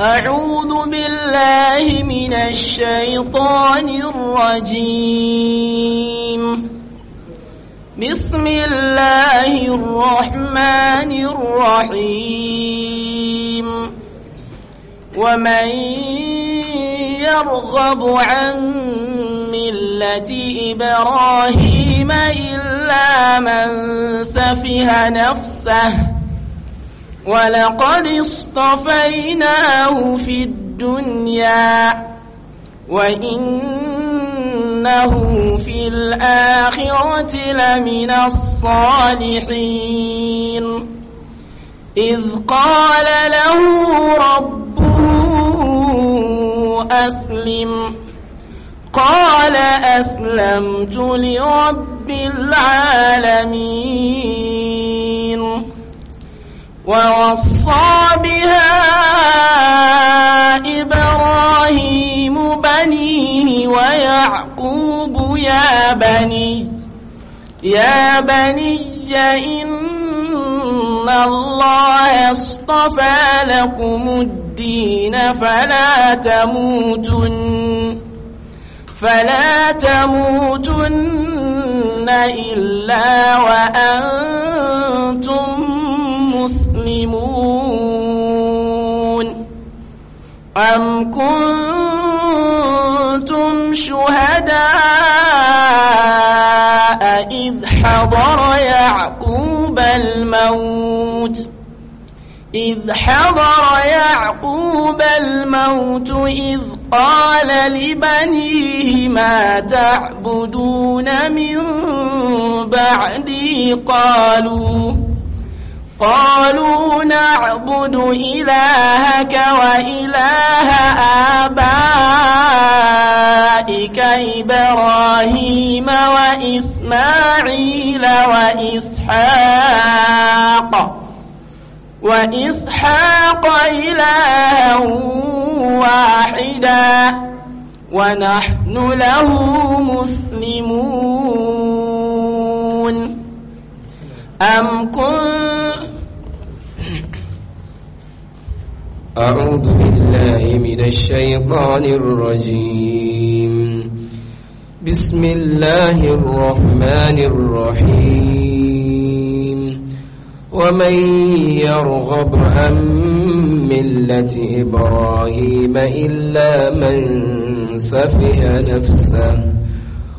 أعوذ بالله من الشيطان الرجيم بسم الله الرحمن الرحيم ومن يرغب عن ملة إبراهيم إلا من سفه نفسه ولقد اصطفيناه في الدنيا وإنه في الآخرة لمن الصالحين إذ قال له ربه أسلم قال أسلمت لرب العالمين ووصى بها إبراهيم بنيه ويعقوب يا بني يا بني إن الله اصطفى لكم الدين فلا تموتن فلا تموتن إلا وأنتم أم كنتم شهداء إذ حضر يعقوب الموت إذ حضر يعقوب الموت إذ قال لبنيه ما تعبدون من بعدي قالوا قالوا نعبد إلهك وإله آبائك إبراهيم وإسماعيل وإسحاق وإسحاق إلها واحدا ونحن له مسلمون أم كنت أعوذ بالله من الشيطان الرجيم بسم الله الرحمن الرحيم ومن يرغب عن ملة إبراهيم إلا من سفه نفسه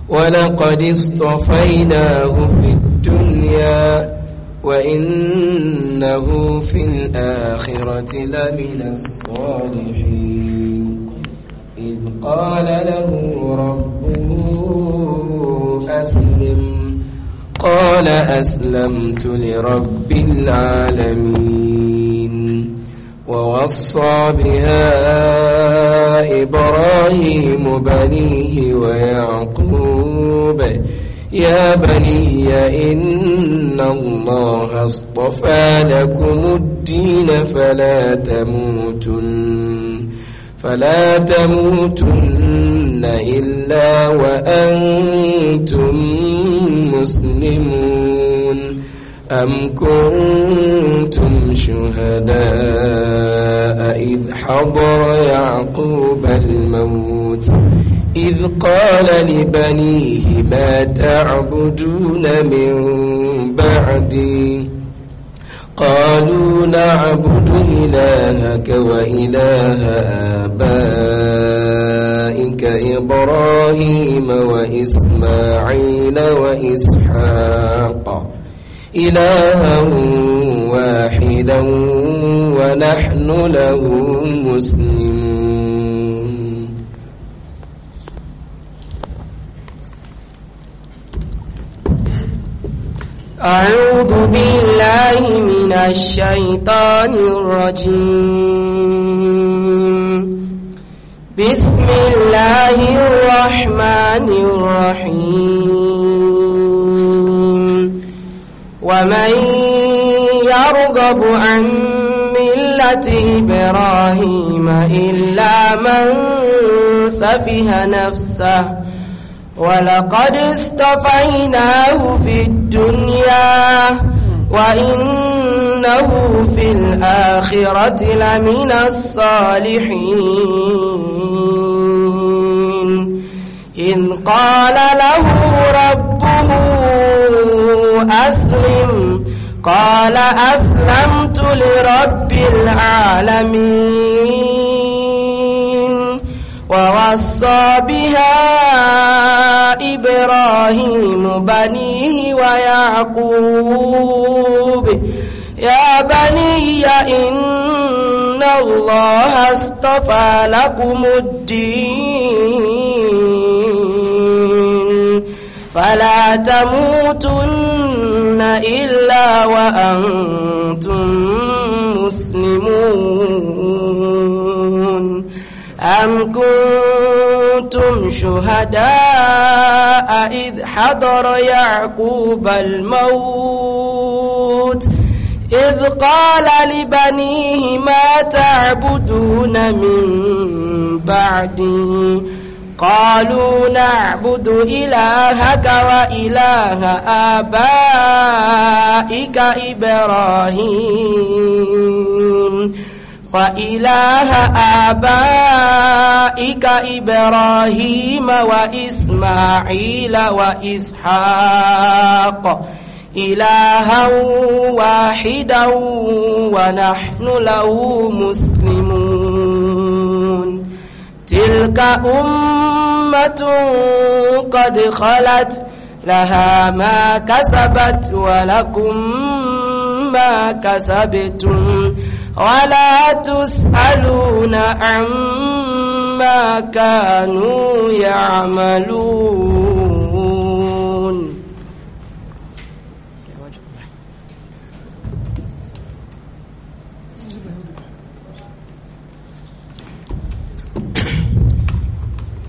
ولقد اصطفيناه في الدنيا وإنه في الآخرة لمن الصالحين إذ قال له ربه أسلم قال أسلمت لرب العالمين ووصى بها إبراهيم بنيه ويعقوب ويعقوب يا بني إن الله اصطفى لكم الدين فلا تموتن فلا تموتن إلا وأنتم مسلمون أم كنتم شهداء إذ حضر يعقوب الموت إذ قال لبنيه ما تعبدون من بعدي قالوا نعبد إلهك وإله آبائك إبراهيم وإسماعيل وإسحاق إلها واحدا ونحن له مسلمون أعوذ بالله من الشيطان الرجيم بسم الله الرحمن الرحيم ومن يرغب عن ملة إبراهيم إلا من سفه نفسه ولقد استفيناه في الدنيا الدنيا وإنه في الآخرة لمن الصالحين إن قال له ربه أسلم قال أسلمت لرب العالمين ووصى بها إبراهيم بنيه ويعقوب يا بني إن الله اصطفى لكم الدين فلا تموتن إلا وأنتم مسلمون أم كنتم شهداء إذ حضر يعقوب الموت إذ قال لبنيه ما تعبدون من بعدي قالوا نعبد إلهك وإله آبائك إبراهيم فإله آبائك إبراهيم وإسماعيل وإسحاق إلها واحدا ونحن له مسلمون تلك أمة قد خلت لها ما كسبت ولكم ما كسبتم ولا تسألون عما كانوا يعملون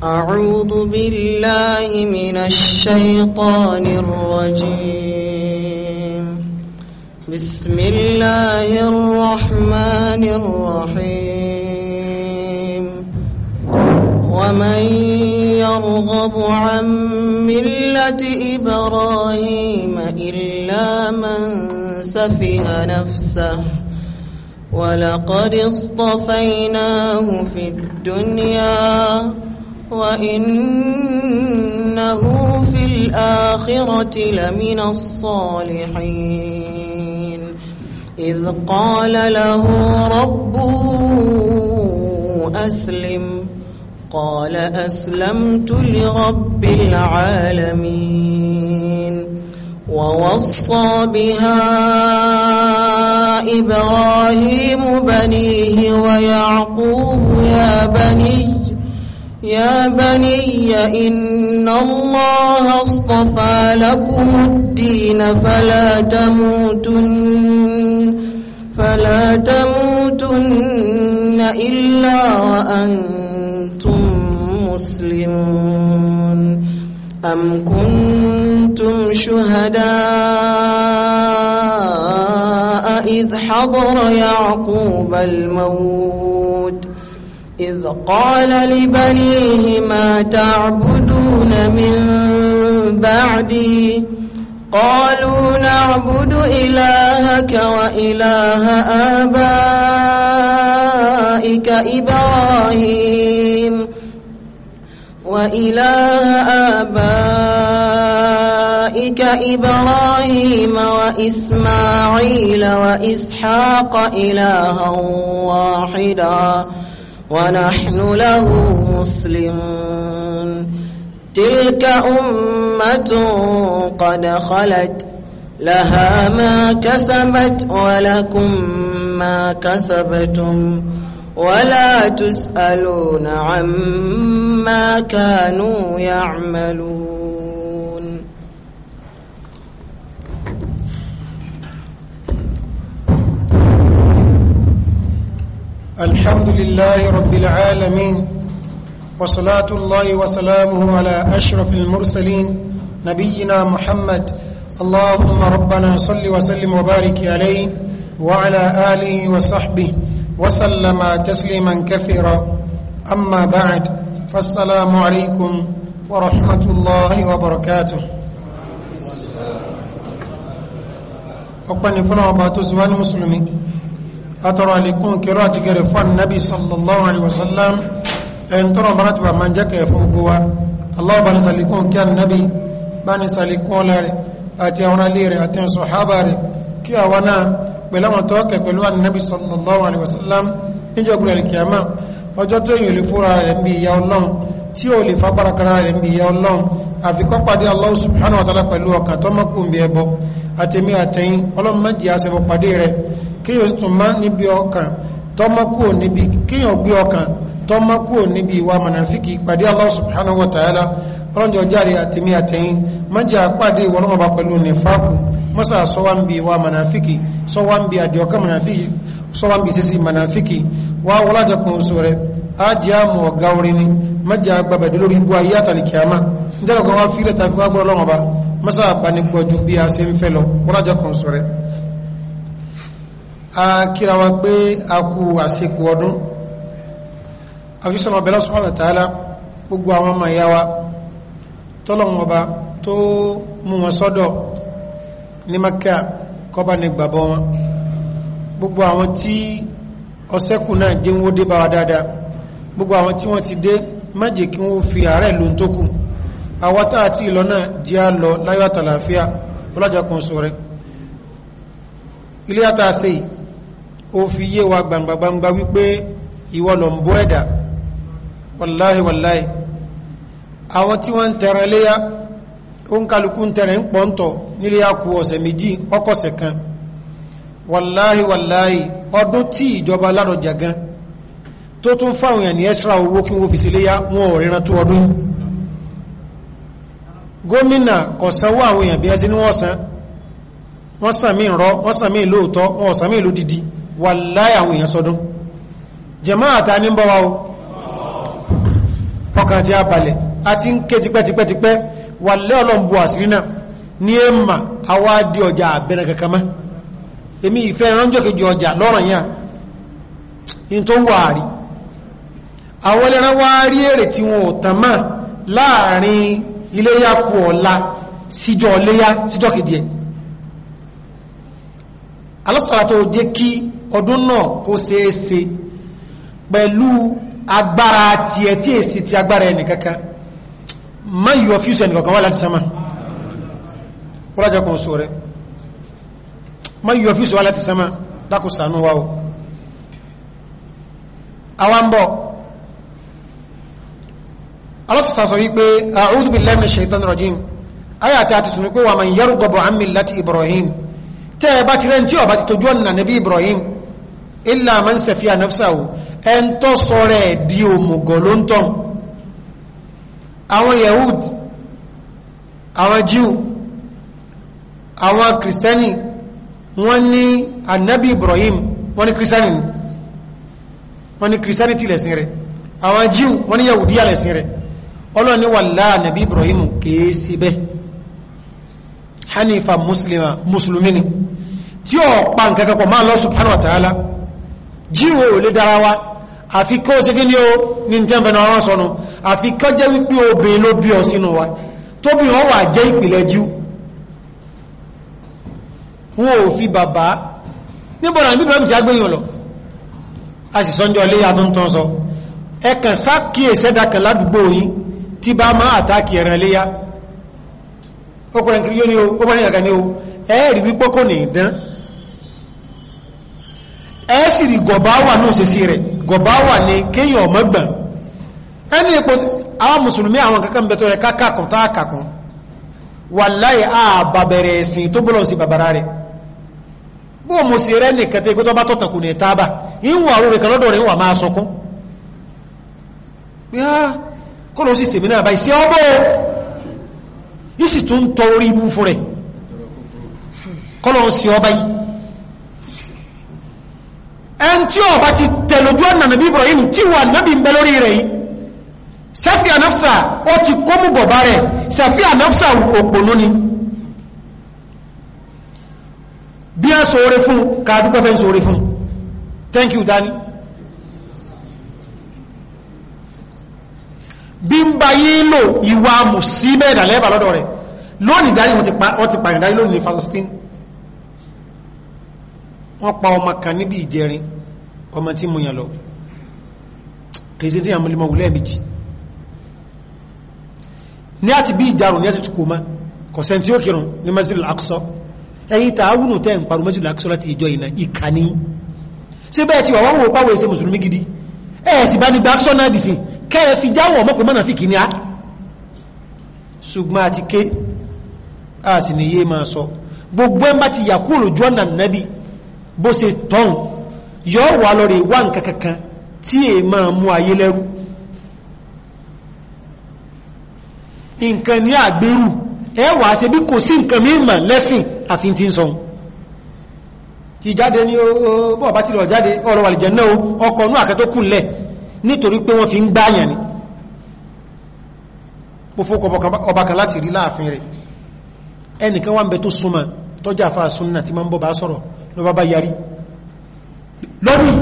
أعوذ بالله من الشيطان الرجيم بسم الله الرحمن الرحيم ومن يرغب عن ملة إبراهيم إلا من سفه نفسه ولقد اصطفيناه في الدنيا وإنه في الآخرة لمن الصالحين إذ قال له ربه أسلم قال أسلمت لرب العالمين ووصى بها إبراهيم بنيه ويعقوب يا بني يا بني إن الله اصطفى لكم الدين فلا تموتن فلا تموتن إلا وأنتم مسلمون أم كنتم شهداء إذ حضر يعقوب الموت إذ قال لبنيه ما تعبدون من بعدي قالوا نعبد إلهك وإله آبائك إبراهيم وإله آبائك إبراهيم وإسماعيل وإسحاق إلها واحدا ونحن له مسلمون تلك أمة قد خلت لها ما كسبت ولكم ما كسبتم ولا تسألون عما كانوا يعملون الحمد لله رب العالمين وصلاة الله وسلامه على أشرف المرسلين نبينا محمد اللهم ربنا صل وسلم وبارك عليه وعلى آله وصحبه وسلم تسليما كثيرا أما بعد فالسلام عليكم ورحمة الله وبركاته أقبل فلان باتوس وان مسلمي أترى لكم كرات غرفان النبي صلى الله عليه وسلم ẹn tọrọ bara ti wa man jẹ kẹ fún gbogbo wa allah bani salikun kí anabi bani salikun ọlá rẹ̀ àti àwọn alẹ rẹ̀ àti sọhábà rẹ̀ kí àwa náà pẹ̀lú àwọn tó kẹ pẹ̀lú anabi sallallahu alayhi wa sallam níjọ́ gbúdọ̀ alikiyama ọjọ́ tó yìí wa ta'ala pẹ̀lú ọkàn tó mọ́kù ń bí ẹbọ àtẹ̀mí àtẹ̀yìn ọlọ́run mẹ́jì àṣẹbọ pàdé rẹ̀ kéèyàn sì tọ́mọ́ kúrò níbi ìwà mọ̀nàfíkì pàdé Allah subhanahu wa ta'ala rọ́njọ járe àtẹ̀mí àtẹ̀yìn mọ́jà pàdé ìwọ̀lọ́mọba pẹ̀lú nífàkù mọ́sà sọ́wọ́n bí ìwà mọ̀nàfíkì sọ́wọ́n bí àdìọ́kẹ́ mọ̀nàfíkì sọ́wọ́n bí sísí mọ̀nàfíkì wá wọ́lájọ kan oṣù rẹ̀ ájá mọ̀ ọ̀gá orin ni mọ́jà gbàbẹ̀dẹ̀ lórí ibú ayé àtàlìkìyàmá nítorí kan wá fílẹ̀ tàbí wá gbọ́dọ̀ lọ́wọ́ bá mọ́sà abanigbọ́jú bí a ṣe ń fẹ́ àfisọ́nà abẹ́lá subhanahu wa ta'ala gbogbo àwọn ọmọ ìyá wa tọ́lọ́wọ́n ọba tó mú wọn sọ́dọ̀ ní Mẹ́kà kọ́bá ní gbàbọ́ wọn gbogbo àwọn tí ọsẹ́kù náà dé wọ́n dé bá wa dáadáa gbogbo àwọn tí wọ́n ti dé má jẹ́ kí wọ́n fi àárẹ̀ ló ń tó àwa tá àti ìlọ náà jẹ́ á lọ láyọ̀ àtàlàáfíà ọlọ́jà kan sọ rẹ̀ ilé àtàṣe ò yé wa gbàǹgbàǹgbà wípé ìwọ lọ ń bọ́ ẹ̀dá wàláhì wàláhì àwọn tí wọ́n ń tẹ̀rẹ̀ léyà ó ń kálukú ń tẹ̀rẹ̀ ń pọ̀ntọ̀ nílé kan wàláhì wàláhì ọdún tí ìjọba ládọjà gan tó tún fáwọn èèyàn ní ẹ́sìrà owó kí wọ́n fi sí wọn ò ríran tó ọdún gómìnà kò sanwó àwọn san wọ́n san mí rọ wọ́n san mí lóòótọ́ wọ́n san mí ọkàn tí a balẹ̀ àti ń ké tipẹ́tipẹ́tipẹ́ wà lẹ́ ọlọ́mbu àṣírí náà ní ẹ mà àwa di ọjà àbẹ̀rẹ̀ kankan mọ́ èmi ìfẹ́ ránjọ́ kejì ọjà lọ́rọ̀ yẹn in tó wà rí àwọn ẹlẹ́ran wá rí èrè tí wọn ò tàn mọ́ alọ́sọ̀rọ̀ tó jẹ́ kí ọdún náà kó ṣeé ṣe pẹ̀lú agbára tiẹ̀ tí èsì ti agbára ẹni kankan má yọ fíúsù ẹni kankan wá láti sánmà kọ́lájá kan sọ rẹ̀ má yọ fíúsù wá láti sánmà dákò sànú wa o àwa ń bọ̀ alọ́sọ̀sà sọ wípé a'udhu billahi minash rajim ayàtà ti rẹ́ ní tí ọba ti tójú ọ̀nà nàbí Ibrahim ẹn tó sọ̀rọ̀ ẹ̀ di òmùgọ̀ ló ń tàn àwọn yahud àwọn jew àwọn kristẹni wọ́n ní anabi ibrahim wọ́n ní kristẹni ni ní kristẹni ti lẹ̀sìn rẹ̀ àwọn jew wọ́n ní yahudi lẹ̀sìn rẹ̀ ọlọ́run ní wàlá anabi ibrahim kìí sí bẹ́ẹ̀ hanifa muslima musulumi ni tí ó pa nǹkan pọ̀ máa lọ subhanahu wa ta'ala jíwò ò lè dára wa àfi kó ṣe kí ni ó ní ní tẹ́ǹfẹ̀ náà rán sọnù àfi kọ́ jẹ́ wípé obìnrin ló bí ọ sínú wa tóbi wọn wà jẹ́ ìpìlẹ̀ jù wọn ò fi bàbá níbọn àbí ibrahim ti agbẹ́yìn lọ a sì sọ́njọ́ ilé àtúntàn sọ ẹ kàn sákìyèsí ẹ̀dá kan ládùúgbò yìí tí bá máa àtàkì ẹ̀ràn iléyà ọkùnrin kiri yóò ní o ó bá ní o ẹ rí wípé kò ní ìdán ẹ sì rí gọ̀bá wà náà ṣe sí rẹ̀ gọ̀bá wà ní kéèyàn ọ̀mọ́gbọ̀n ẹni ipò àwọn mùsùlùmí àwọn kankan bẹ̀tọ̀ rẹ̀ kákàkùn táàkàkùn wàláhì àbàbẹ̀rẹ̀ ẹ̀sìn tó bọ́lọ̀ sí bàbára rẹ̀ bó mo sì rẹ́ nìkan tí ikú tó bá tọ̀tàn kù ní tábà ìwà orí kan lọ́dọ̀ rẹ̀ ìwà máa sọkún bí á kọ́ lọ sí sèmi náà báyìí sí ọbọ̀ yìí sì tún tọ orí ibú fún rẹ̀ kọ́ lọ sí ọba yìí ẹn tí ọba ti tẹ̀lójú ọ̀nà nàbí Ibrahim tí wà nàbí ń bẹ lórí rẹ̀ yìí Safiya Nafsa ó ti kó mú bọ̀bá rẹ̀ Safiya Nafsa òpònú ni bí a sọ̀rọ̀ fún kàdúgbẹ́ fẹ́ sọ̀rọ̀ fún thank you Dani bí ń bá yí lò ìwà mùsíbẹ̀ ìdàlẹ́bà lọ́dọ̀ rẹ̀ lónìí darí wọ́n ti pàyàn darí lónìí Palestine wọ́n pa ọmọ kan níbi ìjẹrin ọmọ tí mo yàn lọ kìí sí tí àwọn olùmọ̀ wùlẹ̀ méjì ní àti bí ìjarùn ní àti tí kò má kọ̀sẹ̀ tí ó kírun ní masjid al-aqsa ẹ̀yìn tààwùnù tẹ́ ń parun masjid láti ìjọ ìnà ìkànnì ṣé bẹ́ẹ̀ ti wà wọ́n wò pàwọ̀ èsè mùsùlùmí gidi ẹ̀ sì bá ní gbàksọ náà dì sí kẹ́ẹ̀ fi jáwọ̀ ọmọkùnrin mọ́nà fi kìíní á ṣùgbọ́n àti ké a sì ní yé máa sọ gbogbo ẹ̀ bá ti yà yọ wà lọ́rọ̀ ìwà nǹkan kankan tí è máa mú ayé lẹ́rú nǹkan ní àgbérù ẹ wà ṣe bí kò sí nǹkan mímọ̀ lẹ́sìn àfi tí ń sọ ìjáde ní bọ́ọ̀bá tí lọ jáde ọ̀rọ̀ àlìjẹ̀ náà ọkọ̀ ní àkẹ́ tó kúnlẹ̀ nítorí pé wọ́n fi ń gbáyàn ni mo fókọ ọba kan láti rí láàfin rẹ̀ ẹnìkan wà ń bẹ tó súnmọ́ tọ́jà fa súnnà tí máa ń bọ́ bá sọ̀rọ̀ lọ́ba bá yarí lọ́dún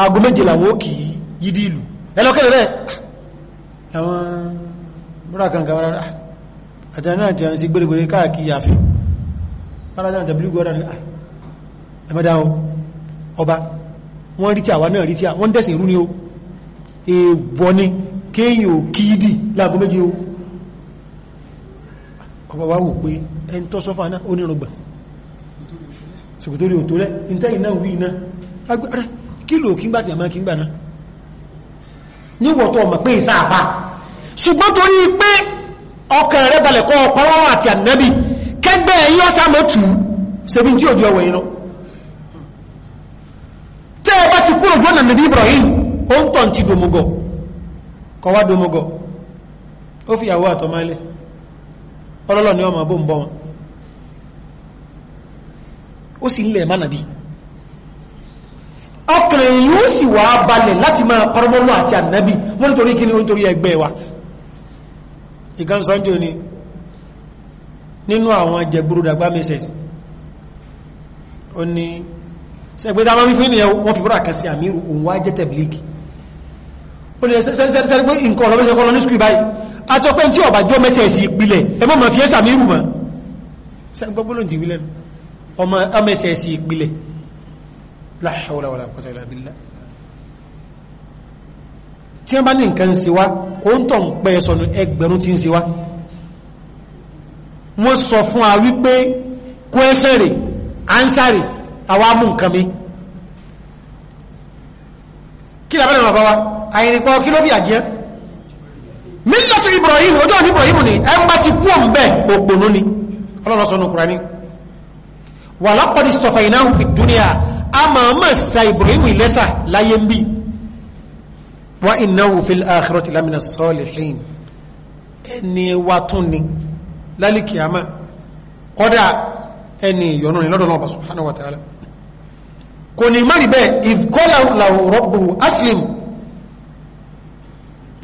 aago méje làwọn ó kì í yídí ìlú ẹlọ́kẹ́lẹ̀ rẹ̀ àwọn múra kankan rárá àtàrí náà jẹun sí gbèrègbèrè káàkiri àfin rárá náà ẹmọ́dá ọba wọ́n rí tí àwa náà rí tí ni ó èèwọ̀ ni kéèyàn ò kí yídì láàgó méje ó ọba wa wò pé ẹni tó sọ́fà náà ó nírùngbà sòkòtórí òtó rẹ̀ ìntẹ́yìn náà wí iná agbára kí lò kí ń gbà tí àmá kí ń gbà náà níwọ̀tọ̀ ọmọ pé ìsáàfà ṣùgbọ́n torí pé ọkàn rẹ̀ balẹ̀ kọ́ ọpọlọ́wọ́ àti ànábì kẹgbẹ́ ẹ̀yìn ọ̀sàmọ́ tù ú ṣebí tí òjò ọwọ́ ìran tẹ́ ẹ bá ti kúrò jọ́nà nàbí Ibrahim ó ń tàn ti domogọ́ kọwá domogọ́ ó fi ìyàwó àtọ́mọ́lẹ̀ ó sì ń lẹ̀ mánà bí ọkùnrin yóò sì wà á balẹ̀ láti máa parọ́mọ́lù àti ànábì wọ́n nítorí kí ni ó nítorí ẹgbẹ́ wa ìkan sọ́njọ́ ni nínú àwọn jẹgbúrúdàgbà mẹ́sẹ̀sì ó ní sẹ́gbẹ́ta máa wí fún ènìyàn wọ́n fi búrà kan sí àmì òun wá jẹ́ tẹ̀blíkì ó ní sẹ́rẹ́sẹ́rẹ́ pé nǹkan ọ̀lọ́mẹ́sẹ̀ kọ́ lọ ní skul báyìí àti ọpẹ́ tí ọ̀bàjọ́ mẹ́sẹ̀sì ìpìlẹ̀ ẹ má máa fi ẹ́ sàmì rù mọ́ sẹ́gbẹ́ gbọ́lọ́ ti wí lẹ́nu ọmọ ẹmẹsẹsì ìpìlẹ̀ la hawla wala quwwata illa billah tí wọ́n bá ní nǹkan sí wá ó ń tọ̀ ń pẹ́ sọnù ẹgbẹ̀rún tí ń sí wá wọ́n sọ fún kí làbẹ́ bàbá wa àyìnrìnpọ̀ kí ló fi àjẹ́ mílíọ̀tù Ibrahim ojú ọ̀nà Ibrahim ni ẹ̀ ń bá ti kú òun òpònú ni ọlọ́run sọ nù walaqad istafaynahu fi dunya àmàmà sa ibrahim ilẹ́sà láyé ń bí wa innahu fil akhirati lamina salihin ẹni wa tún ni lálìkìyàmá kọ́dà ẹni ìyọnu ni lọ́dọ̀ náà subhanahu wa ta'ala kò ní má rí bẹ́ẹ̀ ìkọ́lá lahu rabbuhu aslim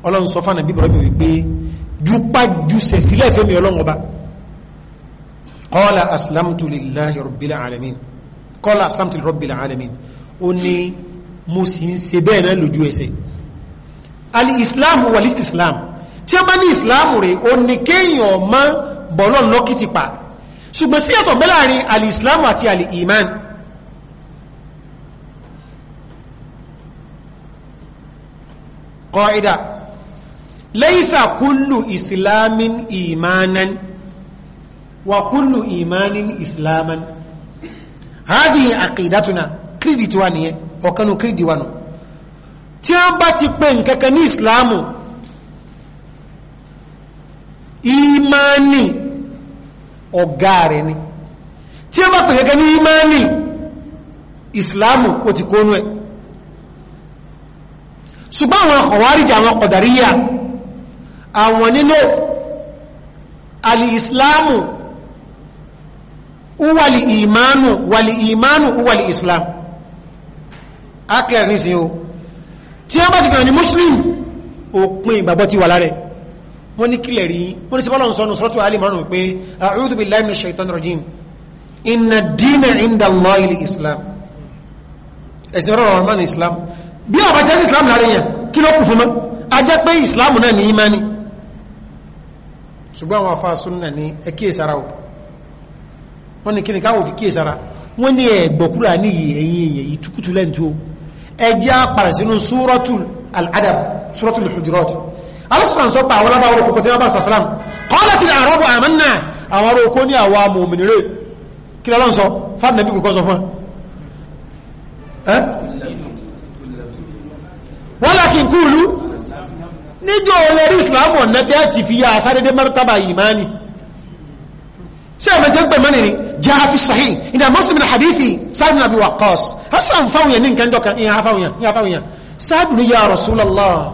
ọlọ́run sọ fún ànàbí ibrahim wípé jupájú sẹ̀sílẹ̀ fẹ́mi ọlọ́run kọ́lá aslamtu lillahi rabbil alamin kọ́lá aslamtu lillahi rabbil alamin ó ní mo sì ń ṣe bẹ́ẹ̀ náà lójú ẹsẹ̀ ali islam wà list islam tí a bá ní islam rẹ̀ ó ní kéèyàn mọ́ bọ́lọ́ lọ́kìtì pa ṣùgbọ́n sí ẹ̀tọ̀ bẹ́ẹ̀ láàrin islam àti ali iman qaida laysa kullu islamin imanan وكل إيمان إسلاما هذه عقيدتنا كريدي تواني وكانوا كريدي وانو تيامباتي بين كان إسلام إيماني أغارني تيامباتي كان إيماني إسلام وتكونوا سبحان الله خوارج عن القدرية أو نلو الإسلام uwali imanu wali imanu uwali islam akẹ́rẹ̀ nísìn o tí wọ́n bá ti kàn ní muslim òpin ìgbàgbọ́ ti wà lárẹ̀ wọ́n ní kílẹ̀ rí wọ́n ní sọ́bọ́lọ́ sọ́nù sọ́tù alìmọ́rùn pé a'udhu billahi minash shaitanir rajim inna dina inda islam ẹ̀sìn ọ̀rọ̀ wọ́n ní kíni káwọn fi kíyè sára wọ́n ni, ẹ̀gbọ̀kúrà ní ẹ̀yìn èyàn ìtukùtù lẹ́ntú ẹjẹ́ àpàrà sínú suratul al-adab suratul hujurat alásùnà pa àwọn alábàwọ̀ kòkòtò yàbá sàsàlám kọ́lá ti àrọ́bù àmánà àwọn ará okó ní àwa mòmìnirè kí lọ́n sọ fàdínàbí kòkó sọ fún wọ́n lákin kúlú níjọ́ olórí islam ọ̀nà tẹ́ fi yá asáré dé martaba ìmáni sai mai jagbe mani ne ja fi sahih inda muslim na hadithi sa'id bin abi waqqas har san fawun yanin kan dokan in ha fawun ya fawun ya sa'id bin ya rasulullah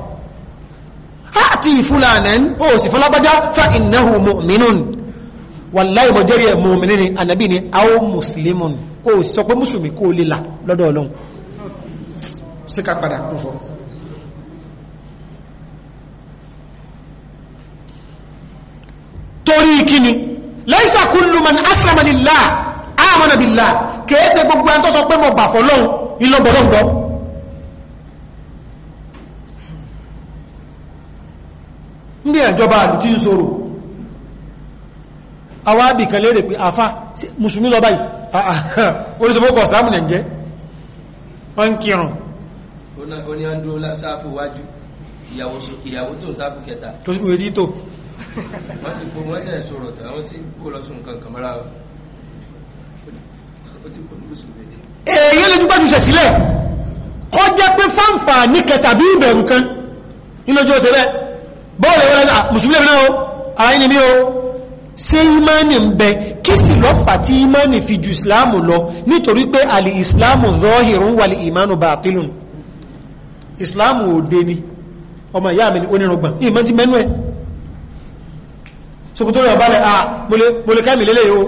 ati fulanan o si falabaja fa innahu mu'minun wallahi mo jere mu'minin ni annabi ni aw muslimun o sọ pé muslimi ko le la lọ́dọ̀ Ọlọ́hun se ka padà kun so torí kíni laisa kullu man aslama lillah amana billah kìí ṣe gbogbo ẹni tó sọ pé mo gbà fọlọ́hún ìlọ́bọ̀lọ́gbọ́ ní ìjọba àlù tí ń sọ̀rọ̀ àwọn abìkan lérè pé àfá mùsùlùmí lọ báyìí orísìbókọ̀ ìsìlámù nẹ̀ jẹ́ wọ́n ń kírùn ó ní ọdún sáfù wájú ìyàwó tó sáfù kẹta tó sì mú ètí tó wọ́n sì kó wọ́n sẹ̀ sọ̀rọ̀ tán wọ́n sì kó lọ sùn kankan mọ́ra èèyàn lè dúpẹ́ jùsẹ̀ sílẹ̀ kọ́ jẹ́ pé fáǹfà ní kẹta bí ìbẹ̀rù kan nílójú ọ̀sẹ̀ bẹ́ẹ̀ bọ́ọ̀lù ẹ̀wọ́n lọ́sà mùsùlùmí lẹ́mìnà o ara yìí ni mí o ṣé ìmánì ń bẹ kí sì lọ́fà tí ìmánì fi ju ìsìláàmù lọ nítorí pé àlè ìsìláàmù zọ́hìrún wà lè ìmánu bàtílùn ìsìláàmù òde ni ọmọ ìyá mi ni onírùngbọ̀n ìmọ̀ ti mẹ́nu ẹ̀ sokoto ah, rẹ̀ balẹ̀ a mọ̀lẹ́kẹ́mì lélẹ̀ yóò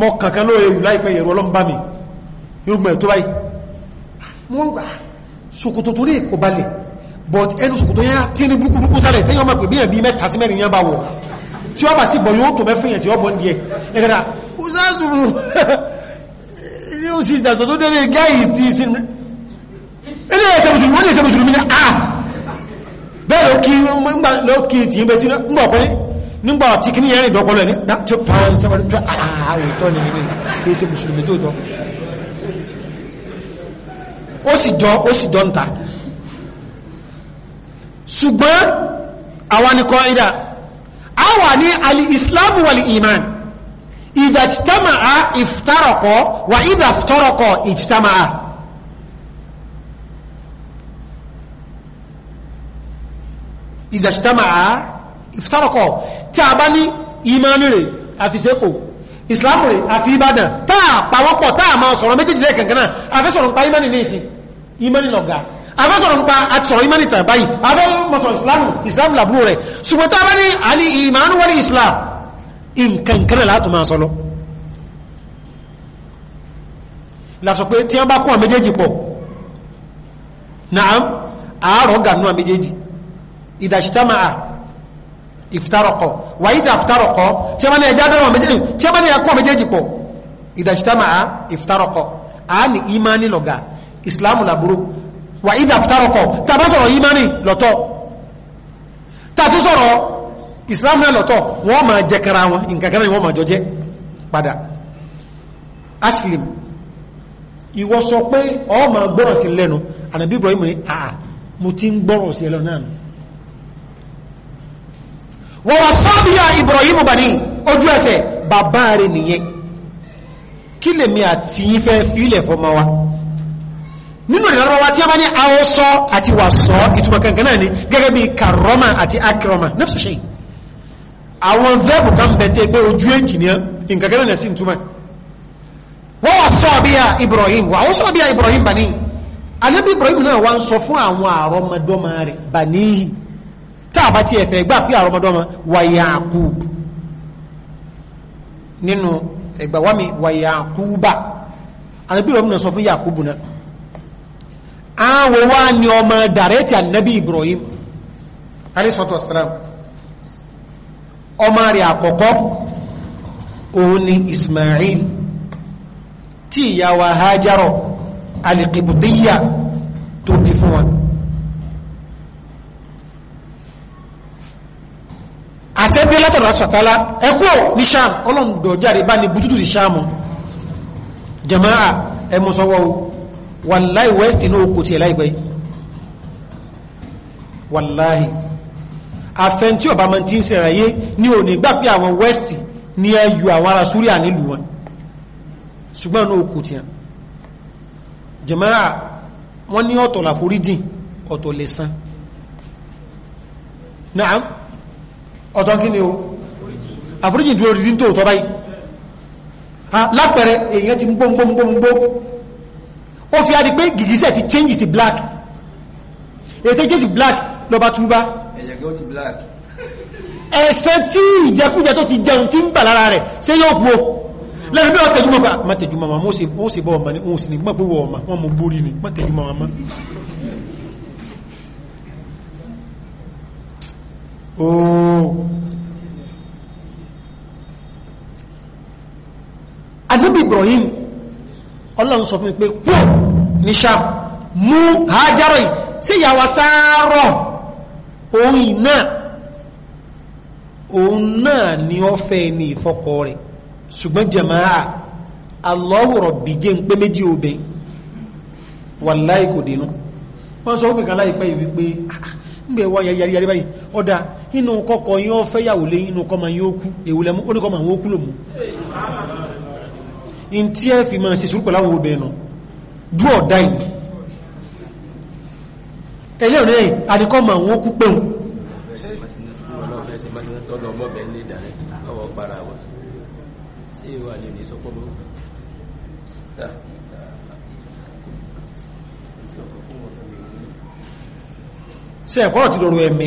mọ kankan lóòrè wù láìpẹ́ yẹ̀rọ ọlọ́mbà mi yorùbá ẹ̀ tó báyìí wọ́n gbà sokoto torí balẹ̀ but ẹnu sokoto yẹn tí ní búkúrúkú sálẹ̀ tẹ́yìn ọmọ pè bí ẹ̀bí mẹ́ta sí mẹ́rin yẹn bá wọ̀ tí wọ́n bá sí bọ̀ yóò tó mẹ́fún yẹn tí wọ́n bọ̀ ń diẹ ẹ̀kẹ́dà ọ̀sán ní ó sì ìdàtọ̀ bẹ́ẹ̀ ló kí ló kí tí ń bẹ tí ń bọ̀ pẹ́lú nígbà tí kí ní ẹ̀rìn ìdọ́kọlọ ẹ̀ ní tó pa ẹ̀ sábàdí tó ààrẹ̀tọ́ ni nínú kí ṣe mùsùlùmí tó tọ́ ó sì jọ ó sì jọ ń ta ṣùgbọ́n àwa ni kọ́ ìdá ní alì islam wàlì iman ìdá títàmà ìfitárọ̀kọ̀ wà ìdá fitárọ̀kọ̀ ìtítàmà ìdàṣítàmà ìfitárakọ̀ tí a bá ní ìmánì rẹ̀ àfisẹ́kò ìsìláàmù rẹ̀ àfi ìbàdàn táà pàwọ́pọ̀ táà máa sọ̀rọ̀ méjèèjì lẹ́ẹ̀kankan náà afẹ́sọ̀rọ̀ nípa ìmánì ní ìsìn ìmánì lọ̀gá afẹ́sọ̀rọ̀ nípa àti sọ̀rọ̀ ìmánì tàn báyìí afẹ́mọ̀sọ̀ ìsìláàmù ìsìláàmù làbúrò rẹ̀ ṣùgbọ́n táà bá ní àní ìmánì tí wọ́n bá kún àméjèèjì pọ̀ náà àárọ̀ gànú àméjèèjì idha ijtama'a iftaraqa wa idha iftaraqa tí a bá ní ẹja dọ́rọ̀ méjèèjì tí a bá ní ẹkọ́ méjèèjì pọ̀ idha ijtama'a iftaraqa a ní imani lọ́gà islamu laburo wa idha iftaraqa tàbá sọ̀rọ̀ imani lọ́tọ̀ tàbí sọ̀rọ̀ islamu náà lọ́tọ̀ wọ́n máa jẹ kara wọn nǹkan kan ni wọ́n máa jọ jẹ padà aslim ìwọ sọ pé ọ máa gbọ́rọ̀ sí lẹ́nu ànàbí Ibrahim ní àà mo ti ń gbọ́rọ̀ sí ẹlọ náà wọ́n wá sábíà Ibrahim bani ojú ẹsẹ̀ bàbá rẹ̀ nìyẹn kí lèmi àti yín fẹ́ fílẹ̀ fọmọ wa nínú ìdánwò wa tí a bá ní àwọsọ àti wàsọ ìtumọ̀ náà ni gẹ́gẹ́ bí karoma àti akiroma nafsu shay àwọn vẹ́ẹ̀bù kan bẹ̀ tẹ́ pé ojú èjì nǹkan náà sì ń túmọ̀ wọ́n wà sọ bí Ibrahim wà ó sọ bí i Ibrahim bani anabi Ibrahim náà wà ń sọ fún àwọn àrọmọdọ́mọ rẹ̀ banihi tàbá tí ẹ̀fẹ̀ gbà pé àrọmọdọ́mọ wà Yakub nínú ẹgbàwámi wà Yakuba ànábì rọ̀ múnà sọ fún Yakubu náà àwọn wá ní ọmọ dàrẹ́tì ànábì Ibrahim alayisalaatu wasalaam ọmọ rẹ̀ àkọ́kọ́ òun ni Ismail tí ìyá wa Hajarọ alikibudiya tó fún wa. àṣẹ́bí látọ̀rọ̀ àṣàtálá ẹkú ní sham ọlọ́ndọ̀ jáde bá ní bútútù sí sham jama'a ẹmọ́sọ́wọ́ wàláì west ní okò tí ẹ láìpẹ́ wàláì afẹ́n tí ọba mọ́tí ń sẹ̀ráyé ní òní gbà pé àwọn west ní ẹyù àwọn ará súríà nílùú wọn ṣùgbọ́n ní okò tí ẹ jama'a wọ́n ní ọ̀tọ̀ làforíjìn ọ̀tọ̀ lè san naam ọ̀tọ́ kí ni o àforíjì dúró rí tó tọ́ báyìí lápẹẹrẹ èèyàn ti gbóngbóngbóngbó ó fi adi pé gìgísẹ̀ ti change sí black èyí tó change black lọ́ba túbá ẹ̀yẹ̀gẹ́ black ẹ̀sẹ̀ tí ìjẹkújẹ tó ti jẹun tí ń bà lára rẹ̀ ṣé yóò kú o lẹ́nu bí wọ́n tẹ̀jú mọ́ pa ah, má tẹ̀jú mọ́ mọ́ mo sì bọ́ ọmọ ni mo sì ní gbọ́n pé wọ́n ọmọ wọn mo borí ni má tẹ̀jú ooo anabi ibrahim ọlọ́run sọ fún mi pé kúrò ní Ṣam mú hajjárọ̀ yìí sí ìyàwó sáárọ̀ òun náà òun náà ni ó fẹ́ ní ìfọkọ rẹ̀ ṣùgbọ́n jẹ̀máà alọ́wọ̀rọ̀ bìjẹ́ ń pé méjì obìnrin wàláì kò dínú wọ́n sọ ó pè kan láìpẹ́ yìí wípé ah gbé wọ́n yẹri yẹri báyìí ọ̀dà inú kọ́kọ́ yín ọ fẹ́yàwó lé inú kọ́mọ yín ó kú èwò lẹ́mú ó ní kọ́mọ àwọn ó lòmù in tí ẹ fi máa ṣe sùúrù pẹ̀lú àwọn obìnrin nù do or die ẹlẹ́ òní ẹ̀yìn àdìkọ́mọ àwọn ó kú pẹ̀hùn. ọ̀rọ̀ ṣe ẹ̀kọ́ ti dọ̀rọ̀ ẹ̀mí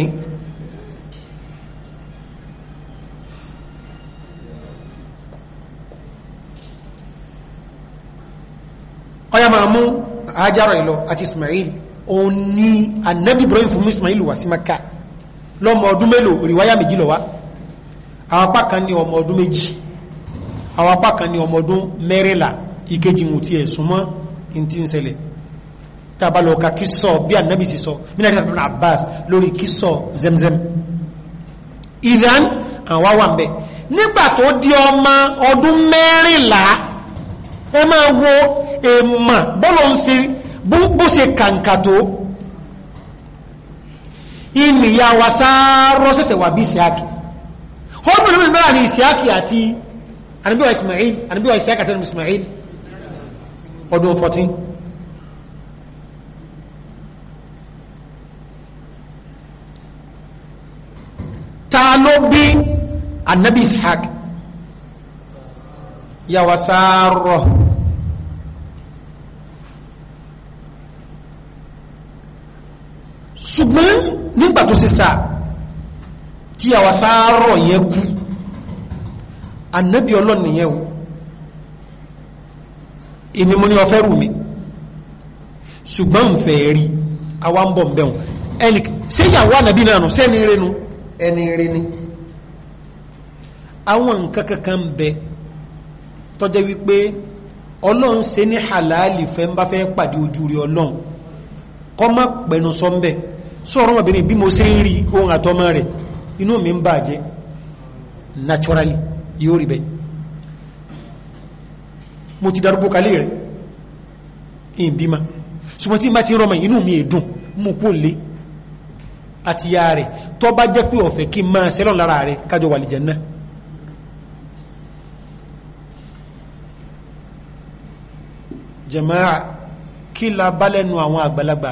ọya máa mú Hajar ìlọ àti Ismail òun ni anabi Ibrahim fún Ismail wá sí Maka lọ́mọ ọdún mélòó rìwáyà méjì lọ wá àwọn apá kan ní ọmọ ọdún méjì àwọn apá kan ní ọmọ ọdún mẹ́rìnlá ìkejì wọn ti ẹ̀sùn mọ́ ní tabalo ka kisọ bi anabi sì sọ mina kí ibn abbas lórí kisọ zemzem idan àwọn wà nbẹ nígbà tó di ọmọ ọdún mẹ́rìnlá ẹ máa wo èèmà bọ́lọ̀ ń ṣe bó ṣe kàǹkà tó ìnìyà wa sáárọ̀ ṣẹ̀ṣẹ̀ wà bí ìsìákì ọdún mẹ́rin mẹ́rin ní ìsìákì àti anabiwa ismail anabiwa ìsìákì àti anabiwa ismail ọdún 14 ta ló bí anabi ishaq yàwá sáárọ̀ ṣùgbọ́n nígbà tó ṣe sáà tí yàwá sáárọ̀ yẹn kú anabi ọlọ́nìyẹn o èmi mo ní ọfẹ́ rù mi ṣùgbọ́n ń fẹ́ rí àwa ń bọ̀ ń bẹ̀wọ̀n ẹnì sẹ́yàwó ànàbí náà nù sẹ́ni rẹ̀ nù. No ẹni rí ni àwọn nǹkan kankan bẹ tọ́jẹ́ wípé ọlọ́run ṣe ní halali fẹ́ ń bá fẹ́ pàdé ojú rí ọlọ́run kọ́ má pẹ̀nu sọ́ńbẹ̀ sọ̀rọ̀ ọmọbìnrin bí mo ṣe ń rí ohun àtọmọ rẹ̀ inú mi ń bàjẹ́ naturally yóò rí bẹ́ẹ̀ mo ti darúgbó ìbímọ tí n ti rọmọ inú mi è dùn àti ya rẹ̀ tó bá jẹ́ pé ọ̀fẹ́ kí máa sẹ́lọ̀ lára rẹ̀ kájọ wà lìjẹ̀ náà jẹ̀máà kí la bá lẹ́nu àwọn àgbàlagbà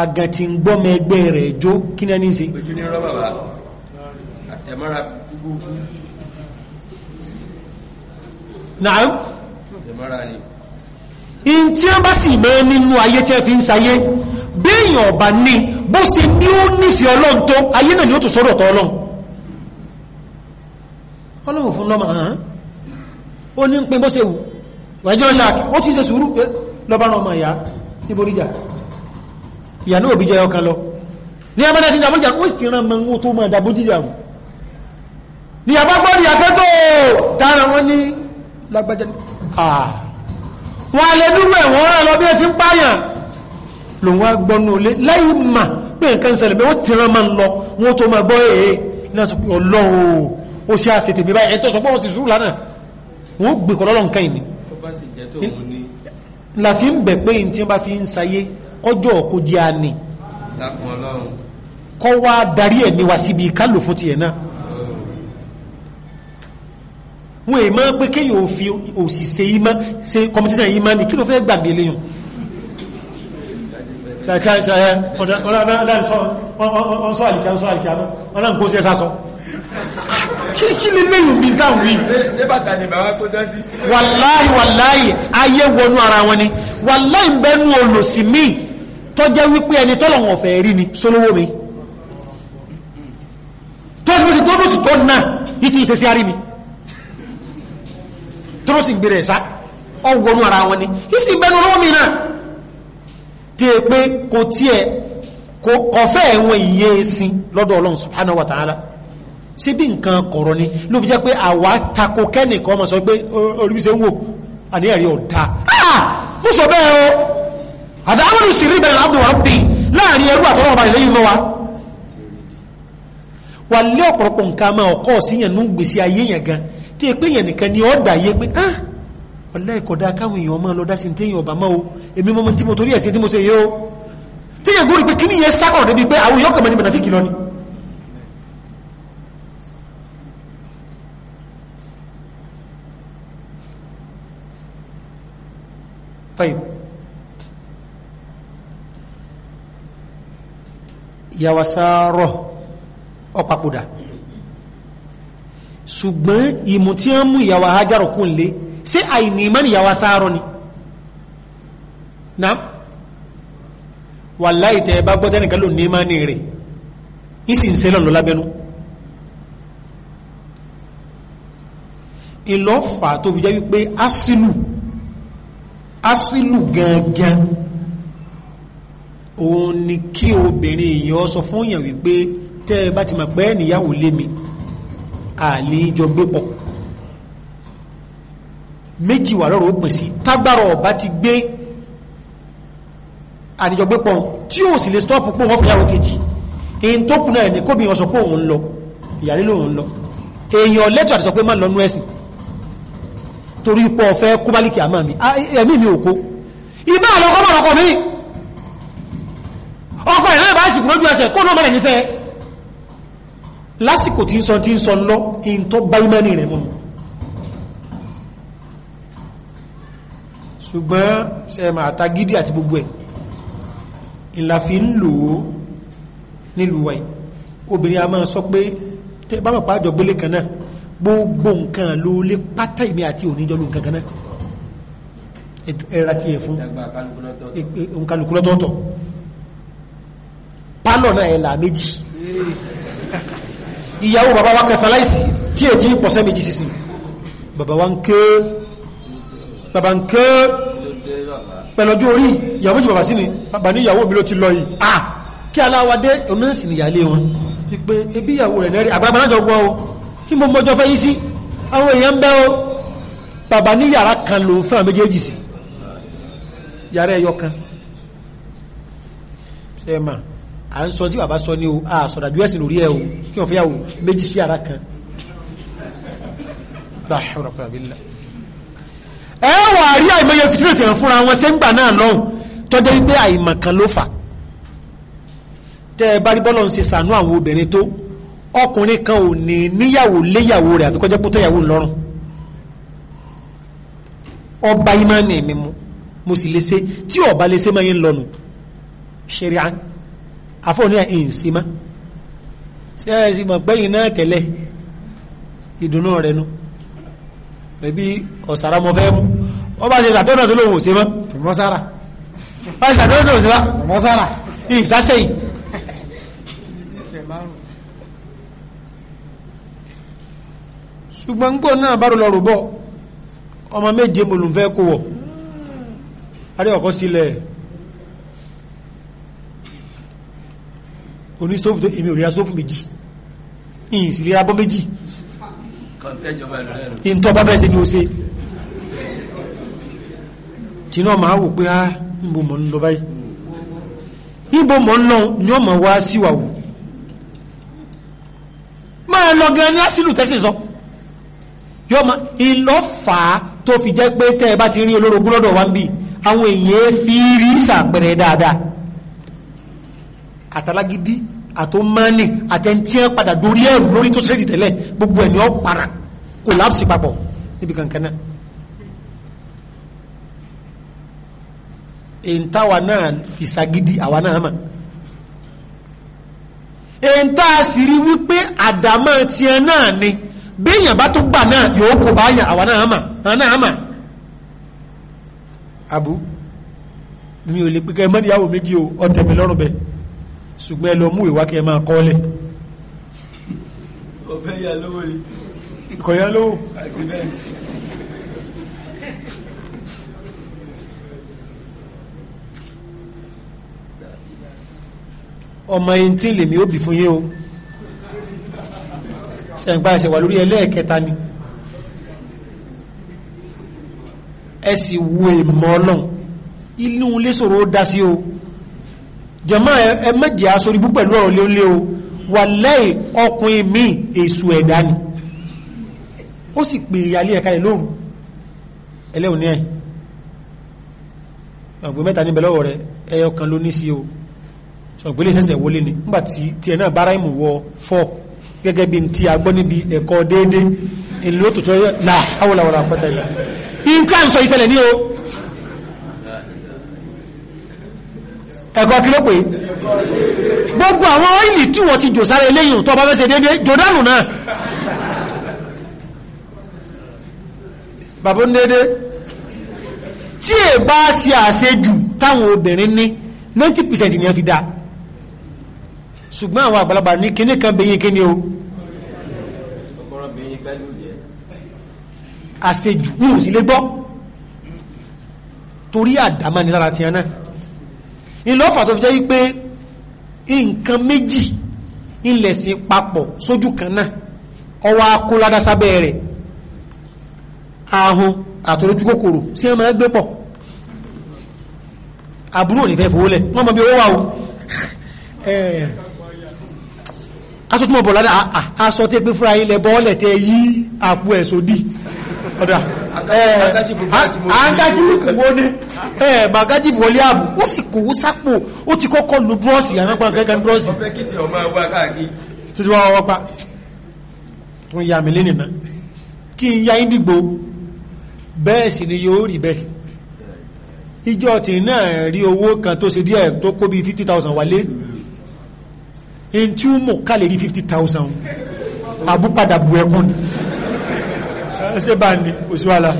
àgàn tí ń gbọ́mọ ẹgbẹ́ rẹ̀ jó kí ní ẹni ṣe náà ni in tí wọ́n bá sì mẹ́ nínú ayé tí ẹ fi ń sayé béèyàn ọ̀bà ní bó ṣe ní ó nífẹ̀ẹ́ ọlọ́run tó ayé náà ni ó tún sọ́dọ̀ tọ́ ọlọ́run ọlọ́run fún lọ́mọ hàn ó ní ń pin bó ṣe wù wẹ́jọ́ ṣáàkì ó ti ṣe sùúrù pé lọ́bá ran ọmọ ìyá níborí jà ìyá náà òbí jẹ ọkàn lọ ní ẹgbẹ́ náà ti dàbójà ó sì ran mọ ohun tó mọ ìdàbójìjà rù ní àbá ìyàfẹ́ tó dára wọn ní lágbájá ah wọn alẹ́ dúró ẹ̀wọ̀n rẹ̀ lọ bí ẹ ti ń pààyàn lòun wá gbọ́nú ilé láì mà pé nǹkan ṣẹlẹ̀ bẹ́ẹ̀ wọ́n ti rán máa ń lọ wọ́n tó máa gbọ́ èé náà sọ pé ọlọ́wọ́ ó ṣe àṣetè mi báyìí ẹ̀ tó sọ pé wọ́n ti sùúrù lánàá wọ́n gbé kọ́ lọ́lọ́ nǹkan ìní. la fi ń bẹ̀ pé n tí wọ́n bá fi ń sayé kọjọ́ kò di àní kọ́ wá darí ẹ̀mí wá síbi ká fún tiẹ̀ náà wọn è mọ́ pé kéyìn ò fi òsìsẹ́ ìmọ́ ṣe kọmitíṣàn ìmọ́ ní kí ló fẹ́ gbàgbé léyìn eh, kí lè léyìn bí dáhùn rí wàláì wàláì ayé wọnú ara wọn ni wàláì ń bẹnu olòsì míì tó jẹ́ wípé ẹni tọ́lọ̀wọ̀n ọ̀fẹ́ rí ni sólówó mi tó ní sí tó ní sí tó náà ìtú ìsẹsí arí mi tí si sì gbèrè ẹ̀sá ọgbọ̀nú ara wọn ni ìsì bẹnu lọ́wọ́ mi náà tí è pé kò tiẹ̀ kọfẹ́ ẹ̀wọ̀n ìyé ẹ̀sìn lọ́dọ̀ ọlọ́run subhanahu wa ta'ala sí bí nǹkan kọ̀rọ̀ ni ló fi jẹ́ pé àwa tako kẹ́nìkan ọmọ sọ pé oríṣẹ́ wò ọ̀dà ah! o ada sì rí bẹ̀rẹ̀ abdul rabbi láàrin ẹrú àtọ́lọ́wọ́ balẹ̀ lẹ́yìn mọ́ wa wà lé ọ̀pọ̀lọpọ̀ nǹkan máa ọkọ̀ gbèsè ayé yẹn tí èpè yẹn nìkan ni ọ́ dà yé pé ah ọ̀lẹ́ ìkọ̀dá káwọn èèyàn máa lọ dá sí ní téèyàn ọ̀bà máa o èmi mọ́mọ́ tí mo torí ẹ̀sìn tí mo ṣe yé o téèyàn górí pé kíní yẹn sákọ̀rọ̀ débi pé àwọn èèyàn kàmọ́ ní mọ̀nàfíkì lọ ni. طيب يوساره أو ṣùgbọ́n ìmú tí wọ́n mú ìyàwó Hajaru kún lé ṣé àìní ìmọ̀ ni ìyàwó sáárọ̀ ni naam wàláì tẹ́ ẹ bá gbọ́ tẹ́nìkan ló ní ìmọ̀ ni rẹ̀ ìsìn sẹ́lọ̀ lọ lábẹ́nu ìlọ́fà tó fi jẹ́ wípé asílù asílù gangan òun ni kí obìnrin èèyàn sọ fún èèyàn wípé tẹ́ bá ti mọ̀ pé ẹnìyàwó lé mi àlejò gbé pọ̀ méjì wà lọ́rọ̀ ó pín sí tágbára ọba ti gbé àlejò gbé pọ̀ tí ó sì lè stọ́ọ̀pù pọ̀ wọ́n fi yàwó kejì èyí tó kù náà ní kóbìnrin ọ̀sọ̀ pé òun lọ ìyàrí lòun lọ èèyàn lẹ́tọ̀ àti sọ pé má lọ nú ẹ̀sìn torí pọ̀ ọ̀fẹ́ kóbálìkì àmà mi ẹ̀mí mi ò kó ibà àlọ́kọ́ bọ̀ lọ́kọ̀ mi ọkọ̀ ìlànà bá sì kúrò ju ẹsẹ̀ kó náà mọ̀lẹ̀ nífẹ̀ẹ́ lásìkò tí ń sọ tí ń sọ lọ in tó bá ìmẹ́ni rẹ̀ mọ́nù ṣùgbọ́n sẹ́mà àtagídí àti gbogbo ẹ̀ ìlàfí ń lò ó nílùú wáyé obìnrin a máa sọ pé tẹ bá mọ̀ pàájọ gbélé kan náà gbogbo nǹkan ló lé pátá ìmí àti oníjọ́ ló nǹkan kan náà ẹ̀rà ti ẹ̀ fún òǹkàlùkù lọ́tọ̀ọ̀tọ̀ pálọ̀ náà ẹ̀ là méjì ìyàwó bàbá wa kẹsàn láìsí tí è tí pọ̀sẹ́ méjì sísìn bàbá wa ń ké bàbá ń ké pẹ̀lọ́jú orí ìyàwó méjì bàbá sí ni bàbá ní ìyàwó mi ló ti lọ yìí ah kí aláwadé onẹ́sì níyàlé wọn ìpé ebí ìyàwó rẹ̀ nẹ́rí àgbàlagbà náà jọ gbọ́ o kí mo mọ́jọ fẹ́ yí sí àwọn èèyàn bẹ́ o bàbá ní yàrá kan ló fẹ́ràn méjèèjì sí yàrá ẹyọ kan ṣe é máa à ń sọ tí bàbá sọ ni o a sọ̀rọ̀ àjọ ẹ̀sìn lórí ẹ̀ o kí wọ́n fi yà wò méjì sí ara kan. ẹ wà á rí àìmọye fìtírè tẹ̀ fúnra wọn ṣé ń gbà náà lọ́hùn tọ́jọ́ wípé àìmọ̀ kan ló fà tẹ́ ẹ bá rí bọ́lọ̀ ń ṣe sànú àwọn obìnrin tó ọkùnrin kan ò ní níyàwó léyàwó rẹ̀ àfikọ́jẹ́ pọ́tọ́ ìyàwó ńlọrùn ọba ìmánì mi mu mo sì lè ṣe tí ọba lè ṣe máa ń lọnu ṣeré án àfọ̀ní ẹ̀ ń sí mọ́ ṣé ẹ sì mọ̀ pẹ́yìn náà tẹ́lẹ̀ ìdùnnú rẹ̀ nu ẹbí ọ̀sára mọ fẹ́ mú ọ bá ṣe sàtọ́nà tó lòun ò ṣe mọ́ tòmọ́ sára bá ṣe sàtọ́nà tó lòun ò ṣe mọ́ tòmọ́ sára ìsásẹ́yìn. ṣùgbọ́n gbọ́n náà bá lọ rò bọ́ ọmọ méje mo lòun fẹ́ kó wọ̀ adé ọkọ sílẹ̀ ẹ̀. oní stóòfù èmi ò rí méjì ìyìn sì rí abọ́ méjì ìntọ́ bá fẹ́sẹ̀ ni ó ṣe tí náà máa wò pé á ah, níbo mọ̀ ń lọ báyìí níbo mọ̀ ń lọ ni ọmọ wa síwà máa lọ gan ní asílù tẹ́sí sọ yọmọ ìlọ́fà tó fi jẹ́ pé tẹ́ ẹ bá ti rí wa ń bì àwọn èèyàn fi rí sàpẹrẹ dáadáa àtàlágídí àtọ́mọ́nì àtẹntíẹ́ padà dórí ẹ̀rù lórí tó ṣẹ́jì tẹ́lẹ̀ gbogbo ẹ̀ni ọ̀pàrà kòlápsì papọ̀ níbi kankan náà èyí táwa náà fi sagidi àwa náà mà èyí tá a sì rí wípé àdámọ́ tiẹ̀ náà ni béèyàn bá tó gbà náà yóò kó bá àwa náà mà àwa náà mà abu mi ò lè pé kẹ́ ẹ mọ́ níyàwó méjì o ọ̀tẹ̀mí lọ́rùn bẹ́ẹ̀ ṣùgbọ́n ẹ lọ mú ìwá kí ẹ máa kọ́lẹ̀ ọ̀fẹ́ ọmọ yìí tí lèmi ó bì fún yín o ṣẹ̀ǹgbà ẹ̀ṣẹ̀ wà lórí ẹlẹ́ẹ̀kẹta ni ẹ sì wo ìmọ̀ ọlọ́run inú ilé ṣòro ó dá sí o jẹ̀mọ́ ẹ mẹ́jẹ̀ aṣọ ibú pẹ̀lú ọ̀rọ̀ léolé o wà lẹ́yìn ọkùnrin mi èṣù ẹ̀dá ni ó sì pè ìyálé ẹ̀ka rẹ̀ lóru ẹlẹ́hùn ní ẹ̀ ọ̀gbẹ́ mẹ́ta níbẹ̀ lọ́wọ́ rẹ̀ ẹyọ kan ló ní sí o sọ̀gbẹ́lẹ̀ sẹ̀sẹ̀ wọlé ni nígbà tí tiẹ̀ náà bára ìmù wọ fọ́ gẹ́gẹ́ bí ti a gbọ́ níbi ẹ̀kọ́ déédéé ìlú òtútù náà awolawolaw pẹ́tẹ́lẹ̀ nǹkan sọ ìṣẹ̀lẹ̀ ní o ẹ̀kọ́ kí ló pè gbogbo àwọn ọ́ìlì tí wọ́n ti jò sára eléyìn tó bá fẹ́ ṣe déédéé jòdánù náà bàbá ń tí è bá ṣe àṣejù táwọn obìnrin ní 90% ni a fi dá ṣùgbọ́n àwọn àgbàlagbà ní kíní kan bẹ̀yìn kíní o àṣejù ní òsì lè gbọ́ torí àdámánilára tiẹ̀ náà ìlọ́fà tó fi jẹ́ wípé nǹkan méjì ńlẹ̀sìn papọ̀ sójú kan náà ọwọ́ akóládásá rẹ̀ ahun àtọ́lójú kòkòrò sí ọmọ ẹgbẹ́ pọ̀ àbúrò ní fẹ́fẹ́ olẹ̀ wọ́n mọ̀ bí ó wà ó aṣọ bọ̀ ládá aṣọ pé fúra ilẹ̀ bọ́ọ̀lẹ̀ tẹ yí àpò ẹ̀sọ́ dì ọ̀dà àǹkájífù eh, wo ni màgájífù wọlé ààbò ó sì kòwó sápò ó ti kọ́kọ́ lo búrọ́ọ̀sì àrẹ́pà gẹ́gẹ́ búrọ́ọ̀sì. ọ̀fẹ́ kìtì ọmọ wa káàkiri. títí wàá wọ́n kí n ya índigbo bẹ́ẹ̀ sì ni yóò rí bẹ́ẹ̀ ìjọ tí náà rí owó kan tó ṣe díẹ̀ tó kó bíi fifty thousand wálé ntí ó mọ̀ ká lè rí fifty thousand àbúpadà bu ẹkún ni ṣe bá ní oṣù wàlá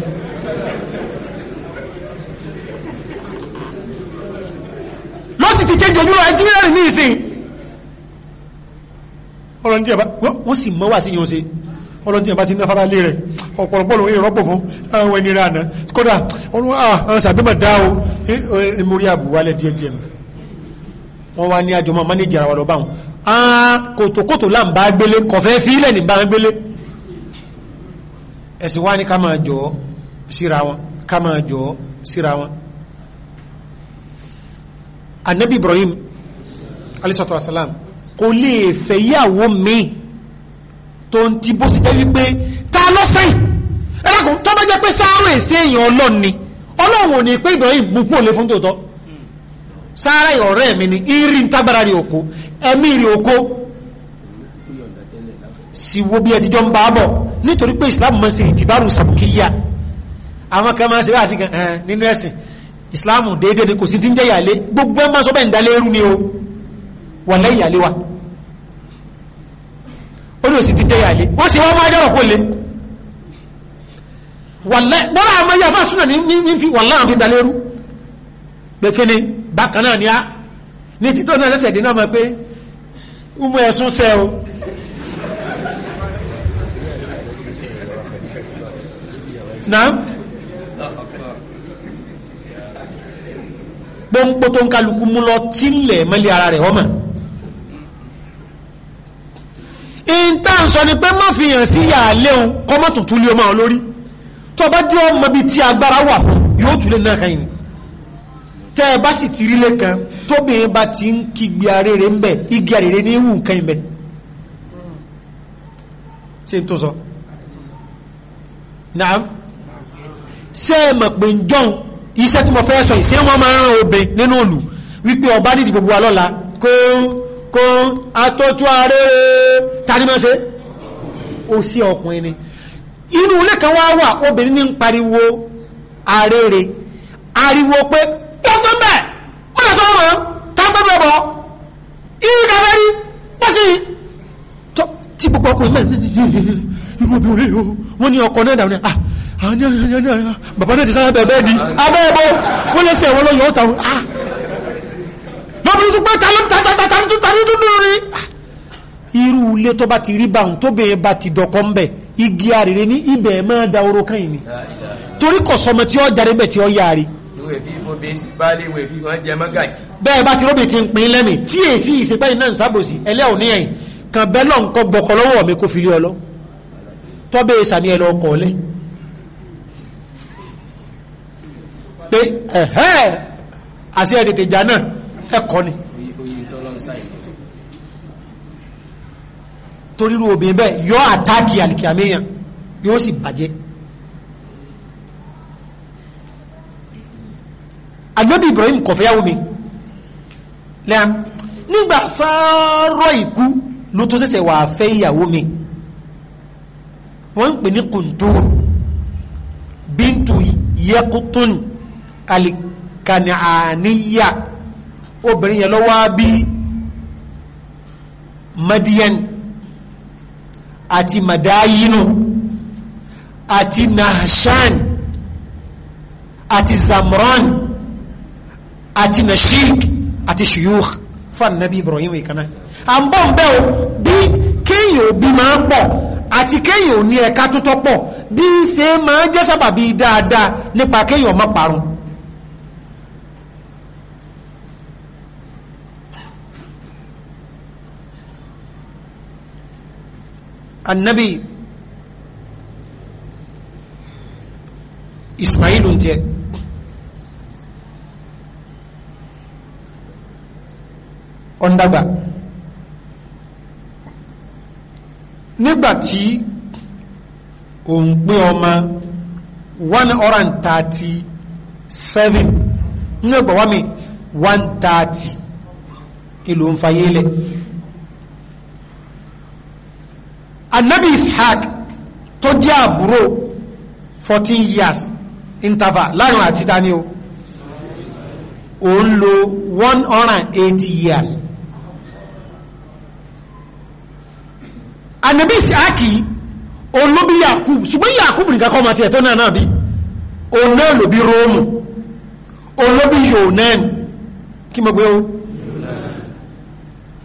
ló sì ti change ojúlọ ẹjí rẹ̀ ní ìsìn ọ̀rọ̀ ní ẹ̀bá wọ́n sì mọ́ wà sí yóò ṣe ọ̀rọ̀ ní ẹ̀bá ti ná fara lé rẹ̀ ọ̀pọ̀lọpọ̀lọ èyí rọ́pò fún àwọn ẹni rẹ̀ àná kódà ọ̀rọ̀ ah, àwọn sàbímọ̀ dá o mórí àbúwálẹ̀ díẹ̀díẹ̀ wọ́n wá ní àjọmọ́ manager ara wa lọ báwọn kòtòkòtò láǹbá gbélé kọ̀fẹ́ fílẹ̀ ní bá gbélé ẹ̀sìn wá ní ká máa jọ síra wọn ká máa jọ síra wọn anabi ibrahim alisatu wasalam kò lè fẹ̀yàwó mi tó ń ti bó sí jẹ́ wípé ta ló sẹ́yìn ẹlẹ́kùn tó bá jẹ́ pé Sárà èsì èèyàn ọlọ́run ni ọlọ́run ò pé ibrahim mú kú òlé fún tòótọ́ Sárà ọ̀rẹ́ mi ni irin tábàrà rí oko ẹ̀mí rí oko sì bí ẹ ti jọ ń bá bọ̀ nítorí pé islam máa ń ṣe ìtìbárù sàbùkìyà àwọn kan máa ń ṣe báyìí gan ẹ nínú ẹ̀sìn islam déédéé ni kò sí ti ń jẹ́ ìyàlé gbogbo ẹ̀ máa sọ bẹ́ẹ̀ ń dalé eru ni o wọ̀n lẹ́yìn ìyàlé wa ó ní òsì ti jẹ́ ìyàlé ó sì wọ́n máa jọ́rọ̀ kó le bọ́lá àmọ́ yà fà súnà ní fi wọ̀n láwọn fi dalé eru gbẹ̀kẹ́ni bákan náà ni a ní títọ́ náà sẹ̀sẹ̀ dín náà mọ̀ pé ó mú ẹ̀sùn sẹ́ o. náà pọ́npọ́ tó ń kálukú mú lọ tílẹ̀ mẹ́lẹ̀ ara rẹ̀ ọmọ ìntàn sọ ni pé má fi hàn sí yàálẹ́ òun kọ́mọ́ tuntun lé ọmọ lórí tó bá jẹ́ ọmọ bíi tí ẹ bá sì ti rí lẹ́kan tóbìnrin bá ti ń kígbe arére ń bẹ̀ igi arére ní ìwù nǹkan ìbẹ̀ ṣe ń tó sọ. Naam ṣé ẹ mọ̀ pé ń jọ́n iṣẹ́ tí mo fẹ́ sọ ìṣẹ́ wọn máa ń ràn obìn nínú òlù wípé ọba nídìí gbogbo wa lọ́la kó kó atótó arére tani máa ṣe ó sí ọkùnrin ni inú ilé kan wá wà obìnrin ní ń pariwo arére ariwo pé gbogbo mbẹ ó lọ sọ́wọ́ mọ́ tágbẹ́ bẹ̀ bọ́ irú kẹfẹ́ rí wọ́n sì tí gbogbo ọkùnrin mẹ́rin ní irú obìnrin o wọ́n ní ọkọ̀ náà dàrú ni ah bàbá náà ti sára bẹ̀bẹ̀ di abẹ́ẹ̀bọ̀ wọ́n lẹ́sẹ̀ ẹ̀wọ́n lọ́yọ̀ ọ̀tà wọn. lọ́bìnrin tó pé tàlẹ́ tàlẹ́ tàlẹ́ tó dùn rí. irú ilé tó bá ti rí báwọn tó bẹ̀rẹ̀ bá ti dọ̀kọ́ ńbẹ̀ igi àrèrè ní ibẹ̀ máa da oró kan yìí ni torí kò sọmọ tí ó jáde bẹ̀ tí ó yára bẹ́ẹ̀ bá ti rọ́bì ti ń pin lẹ́mì tí èsì ìsepẹ́yìn náà ń sábòsí ẹlẹ́ òní ẹ̀yìn kan bẹ́ẹ̀ lọ́nkọ́ gbọ́kọ́ lọ́wọ́ mi kó fi lé ọ lọ tọ́bẹ̀ ìsàmì ẹ̀ lọ́kọ̀ọ́lẹ́ pé ẹ̀hẹ́ àti ẹ̀tẹ̀tẹ̀ ìjà náà ẹ̀kọ́ ni torírú obìnrin bẹ́ẹ̀ yọ àtàkì àlìkàmíyàn yóò sì bàjẹ́ ànábì Ibrahim kọ̀fẹ́yàwó mi lẹ́yìn nígbà sáárọ̀ ìkú ló tó ṣẹ̀ṣẹ̀ wà fẹ́ ìyàwó mi wọ́n ń pè ní kùntùn bíntù yẹkùtùn alikanianiya obìnrin yẹn lọ́wọ́ bí madian àti madayinu àti nahshan àti zamran àti nashik àti shuyuk fún anabi ibrahim ìkànnà à ń bọ̀ ń bẹ́ o bí kéèyàn òbí máa ń pọ̀ àti kéèyàn ò ní ẹ̀ka tó tọ́pọ̀ bí ṣe máa jẹ́ sábàbí dáadáa nípa kéèyàn ọmọ parun anabi ismailu ń tiẹ̀ ọ̀ndàgbà nígbàtí òun pé ọmọ one hundred and thirty seven nígbà wàmí one thirty ìlú ń fayé anabi ishaq tó jẹ́ àbúrò 14 years interval láàrin àti dání o òun lo one hundred eighty years anabi ishaq òun ló bí yakub ṣùgbọ́n yakub nìkan kọ́ ọmọ tiẹ̀ tó náà náà bí òun náà ló bí róòmù òun ló bí yonani kí mo gbé o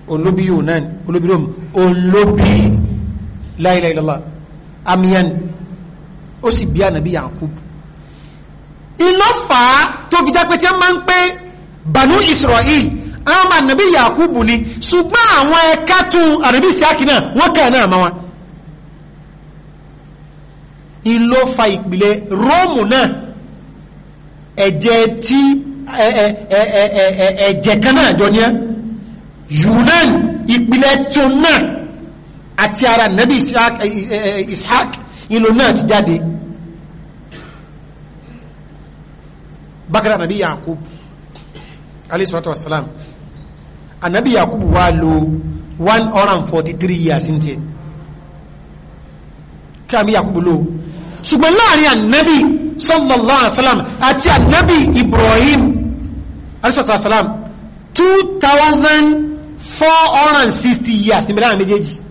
òun ló bí yonani òun ló bí róòmù òun ló bí la ilaha illallah amiyan ó sì bí ànàbí Yakub iná fà á tó fi jápé tí wọ́n máa ń pé banu Israel àwọn ọmọ ànàbí Yakub ni ṣùgbọ́n àwọn ẹ̀ka tún ànàbí Isiaki náà wọ́n kà náà mọ́ wọn ìlò fa ìpìlẹ̀ Róòmù náà ẹ̀jẹ̀ tí ẹ̀jẹ̀ kan náà jọ ní ẹ́ Yunan ìpìlẹ̀ tún náà àti ara nabi ishaq eh, eh, eh, ìlú náà ti jáde bákanáà nabi yakub alayhi salatu wassalam anabi yakub wá lò 143 years ní tiẹ̀ kí àmì yakub lò ṣùgbọ́n láàrin anabi sallallahu alayhi wasallam àti anabi ibrahim alayhi salatu wassalam sixty years ní mẹ́rin méjèèjì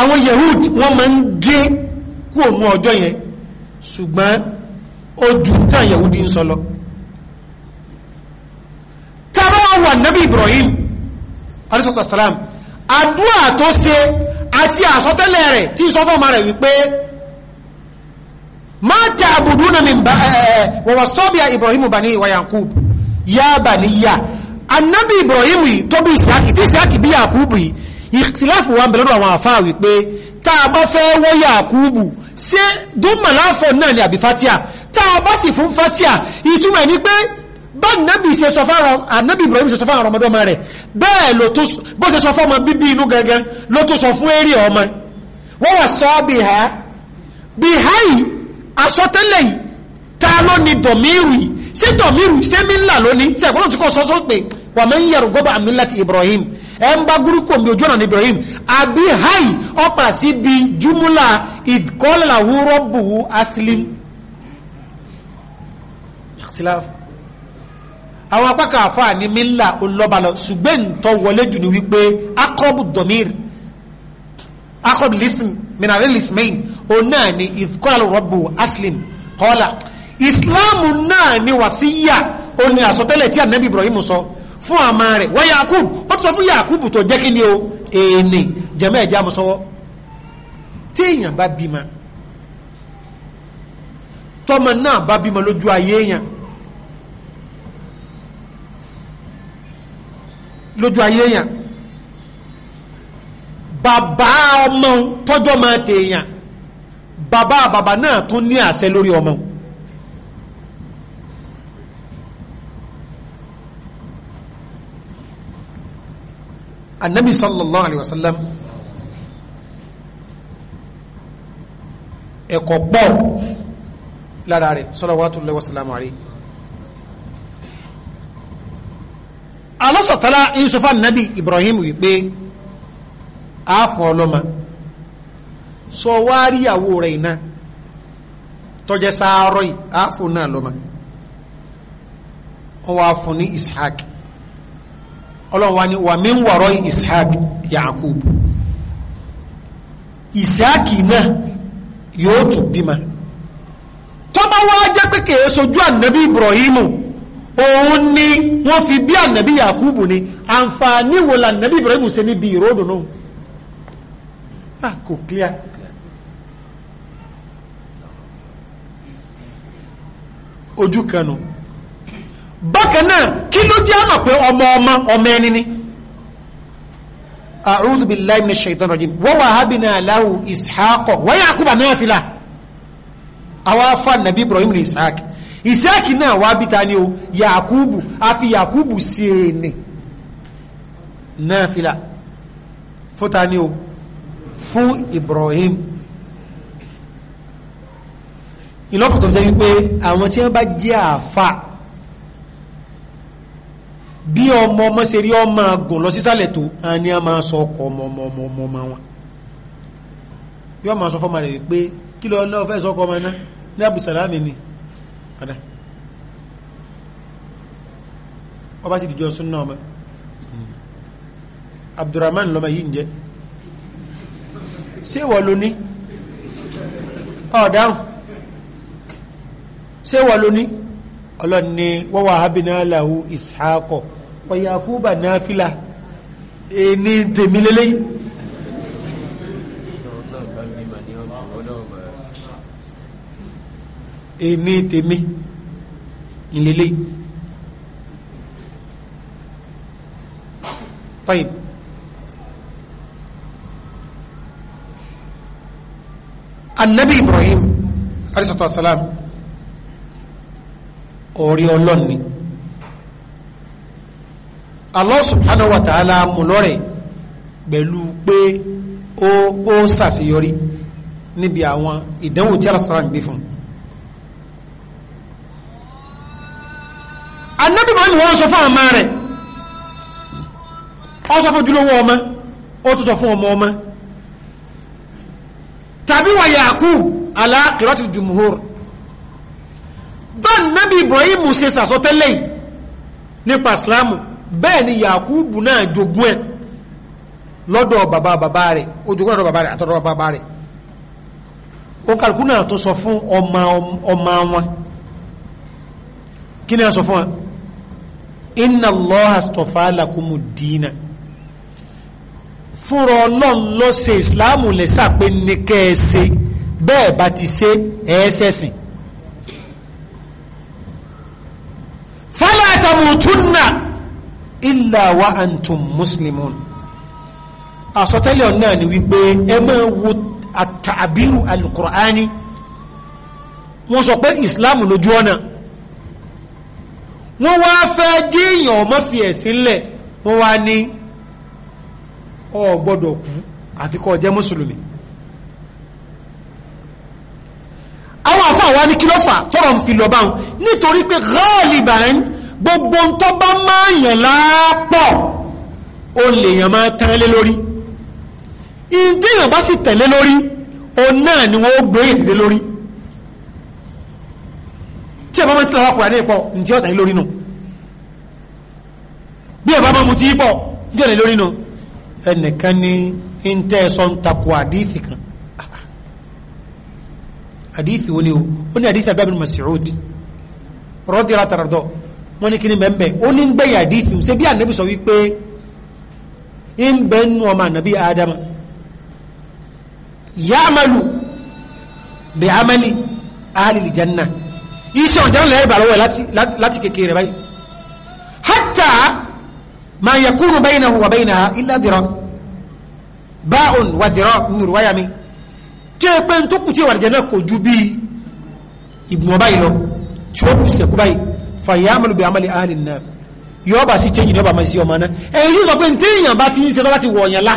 àwọn yehud wọ́n máa ń gé kú òun ọjọ́ yẹn ṣùgbọ́n ó ju tán yehudi ń sọ lọ tábà wà nábì ibrahim alayhi salam àdúrà tó ṣe àti àsọtẹ́lẹ̀ rẹ̀ tí sọ fún ọmọ rẹ̀ wípé ma ta'buduna min ba ẹ̀ wa wasabiya ibrahim bani wa yakub ya baniya annabi ibrahim yìí tó bí ìsìákì tí ìsìákì bí yakub yìí ìtìláfù wa bẹ̀lọ́dọ̀ àwọn àfáà wípé tá a bá fẹ́ wọ́ Yakubu ṣé dómàláfọ̀ náà ni àbí fatia tá a bá sì fún fatia ìtumọ̀ ẹ̀ ni pé bá nàbì ṣe sọ fáwọn ànábì Ibrahim ṣe sọ fáwọn ọmọdé ọmọ rẹ̀ bẹ́ẹ̀ ló tó bó ṣe sọ fún ọmọ bíbí inú gangan ló tó sọ fún eré ọmọ wọ́n wà sọ bìhá bìhá yìí àsọtẹ́lẹ̀ yìí ta ló ni dọ̀míìrì ṣé dọ̀míìrì ṣé mi ńlá lónìí tí àgbọ̀nà tí kò sọ sọ pé wàmẹ́yìn yàrá gọ́bà àmì láti Ibrahim ẹ ń bá gúrúkú omi ojú ọ̀nà ní Ibrahim àbí hayi ọ̀pà síbi júmúlà ìkọ́làwú rọ́bùwú aslim àwọn apákà àfà ní mílà olóbalọ ṣùgbẹ́ ntọ́ wọlé jù ní wípé akọ́bù domir akọ́bù lisim minare lismain ona ni ni ìkọ́làwú rọ́bùwú aslim kọ́là Islam náà ni wàsíyà òun ni àsọtẹ́lẹ̀ tí ànábì Ibrahim sọ. So fún àmà rẹ̀ wọ́n yakub ó ti sọ fún yakub tó jẹ́ kí ni o èèní jẹ̀mọ́ ẹ̀já mọ́sọ́wọ́ tí èèyàn bá bímọ tọ́mọ náà bá bímọ lójú ayé èèyàn lójú ayé èèyàn bàbá ọmọ tọ́jọ́ máa tèèyàn bàbá bàbá náà tún ní àṣẹ lórí ọmọ wọn anabi sallallahu alayhi wa sallam ẹ̀kọ́ pọ̀ lára rẹ̀ salawatullahi wa sallam alayhi alọ́sọ̀tàlá yusufa nabi ibrahim wípé àáfọ̀ ọlọ́mà sọ wá rí àwọ rẹ̀ iná tọ́jẹ́ sáárọ̀ yìí wọ́n wá fún ní ishaq ọlọ́run wa ni wà mí ń wọ̀rọ̀ ishaq yaakub ishaq náà yóò tún bímọ tọ́ba wá jẹ́ pé kèé sojú ànábì ibrahim òun ni wọ́n fi bí ànábì yaakub ni àǹfààní wo la ànábì ibrahim ṣe níbi ìròdùn náà ah kò clear. ojú kanu. No bákan náà kí ló jẹ́ àmọ̀ pé ọmọ ọmọ ọmọ ẹni ni a'udhu billahi minash shaitan rajim wa wahabna lahu ishaqa wa yaquba nafila àwọn afa nàbí ibrahim ní ishaq ishaq náà wà bí ni o yakubu a yakubu sí ẹni nafila fún ta ni o fún ibrahim ìlọ́pọ̀ tó jẹ́ wípé àwọn tí wọ́n bá jẹ́ àfà bí ọmọ ọmọ ṣe rí ọmọ agùn lọ sísàlẹ̀ tó a ní a máa sọ ọkọ ọmọ ọmọ ọmọ ọmọ ọmọ wọn yóò máa sọ fọmọ rẹ pé kí lọ náà fẹ́ sọ ọkọ ọmọ náà ní abdulsalami ni padà wọ́n bá sì dìjọ súnná ọmọ abdulrahman lọmọ yìí ń jẹ ṣé ìwọ ló ní ọ̀dáhùn ọlọ́run ni wa wahabna lahu ishaqa wa yakuba nafila èmi tèmi lélẹ́yìn. èmi tèmi lélẹ́yìn. طيب النبي إبراهيم عليه الصلاة ọ̀rẹ́ ọlọ́run ni Allah múlọ́rẹ̀ pẹ̀lú pé ó ó ṣàṣeyọrí níbi àwọn ìdánwò tí alásàrà ń gbé fún anábìbọn ni wọ́n sọ fún àmà rẹ̀ ó sọ fún jùlọ́wọ́ ọmọ ó tún sọ fún ala bá nábì Ibrahim ṣe sàsọtẹ́lẹ̀ yìí nípa ìsìláàmù bẹ́ẹ̀ ni Yakubu náà jogún ẹ̀ lọ́dọ̀ bàbá bàbá rẹ̀ ó jogún lọ́dọ̀ bàbá rẹ̀ àtọ́dọ̀ bàbá rẹ̀ ó kàrùkù náà tó sọ fún ọmọ wọn kí ni a sọ fún wa inna Allaha astafa lakumu dina fúnra ọlọ́run ṣe ìsìláàmù lẹ́sà ní kẹ́ ẹ ṣe bẹ́ẹ̀ bá ti ṣe ẹ̀ẹ́sẹ̀sìn tamutunna illa wa antum muslimun àsọtẹ́lẹ̀ ọ̀nà ni wípé ẹ máa wo àtàbírù alukur'ani wọ́n sọ pé islam lójú ọ̀nà wọ́n wá fẹ́ díyàn ọmọ fi ẹ̀sìn lẹ̀ wọ́n wá ní ọ kú àfi kó jẹ́ mùsùlùmí àwọn àfọ àwa ní kí ló fà tọrọ ń fi lọ báwọn nítorí pé ghaliban gbogbo ń tọ́ bá máa yàn lápọ̀ o lè yàn máa tán lé lórí ìdí yàn bá sì tẹ̀lé lórí o náà ni wọ́n gbé ìdílé lórí tí ẹ bá máa ti lọ́wọ́ kùrà ní ìpọ̀ ǹjẹ́ ọ̀tà yìí lórí nù bí ẹ bá máa mu ti pọ̀ ǹjẹ́ ọ̀tà yìí lórí nù ẹnìkan ní ń tẹ́ ẹ sọ ń takò àdíìsì kan àdíìsì wo ni o ó ní àdíìsì abẹ́bí Mas'ud rọ́dí ra tàràdọ́ wọ́n ní kíni mẹ́mbẹ́ ó ní gbẹ̀yà díìtì ṣe bí ànábì sọ wípé ń bẹ nù ọmọ ànábì ádámà yàmàlù bẹ àmàlì àhàlìlì janna iṣẹ́ ọ̀jọ́ lẹ́yìn ìbàlọ́wọ́ láti kékeré báyìí hátà ma yakunu baynahu wa baynaha illa dira báun wa dira nínú wáyà mi tí ó pé ń tó kù tí ìwà àdìjẹ náà kò ju bí ìgbìmọ̀ báyìí lọ tí ó kù sẹ̀kú báyìí fàyàmùlù bí amálì àhàlì náà yóò bá sí change ní ọba máa sí ọmọ náà ẹ̀yìn yóò sọ pé ntí èèyàn bá ti ń ṣe lọ́ba ti wọ̀ ọ̀yàn lá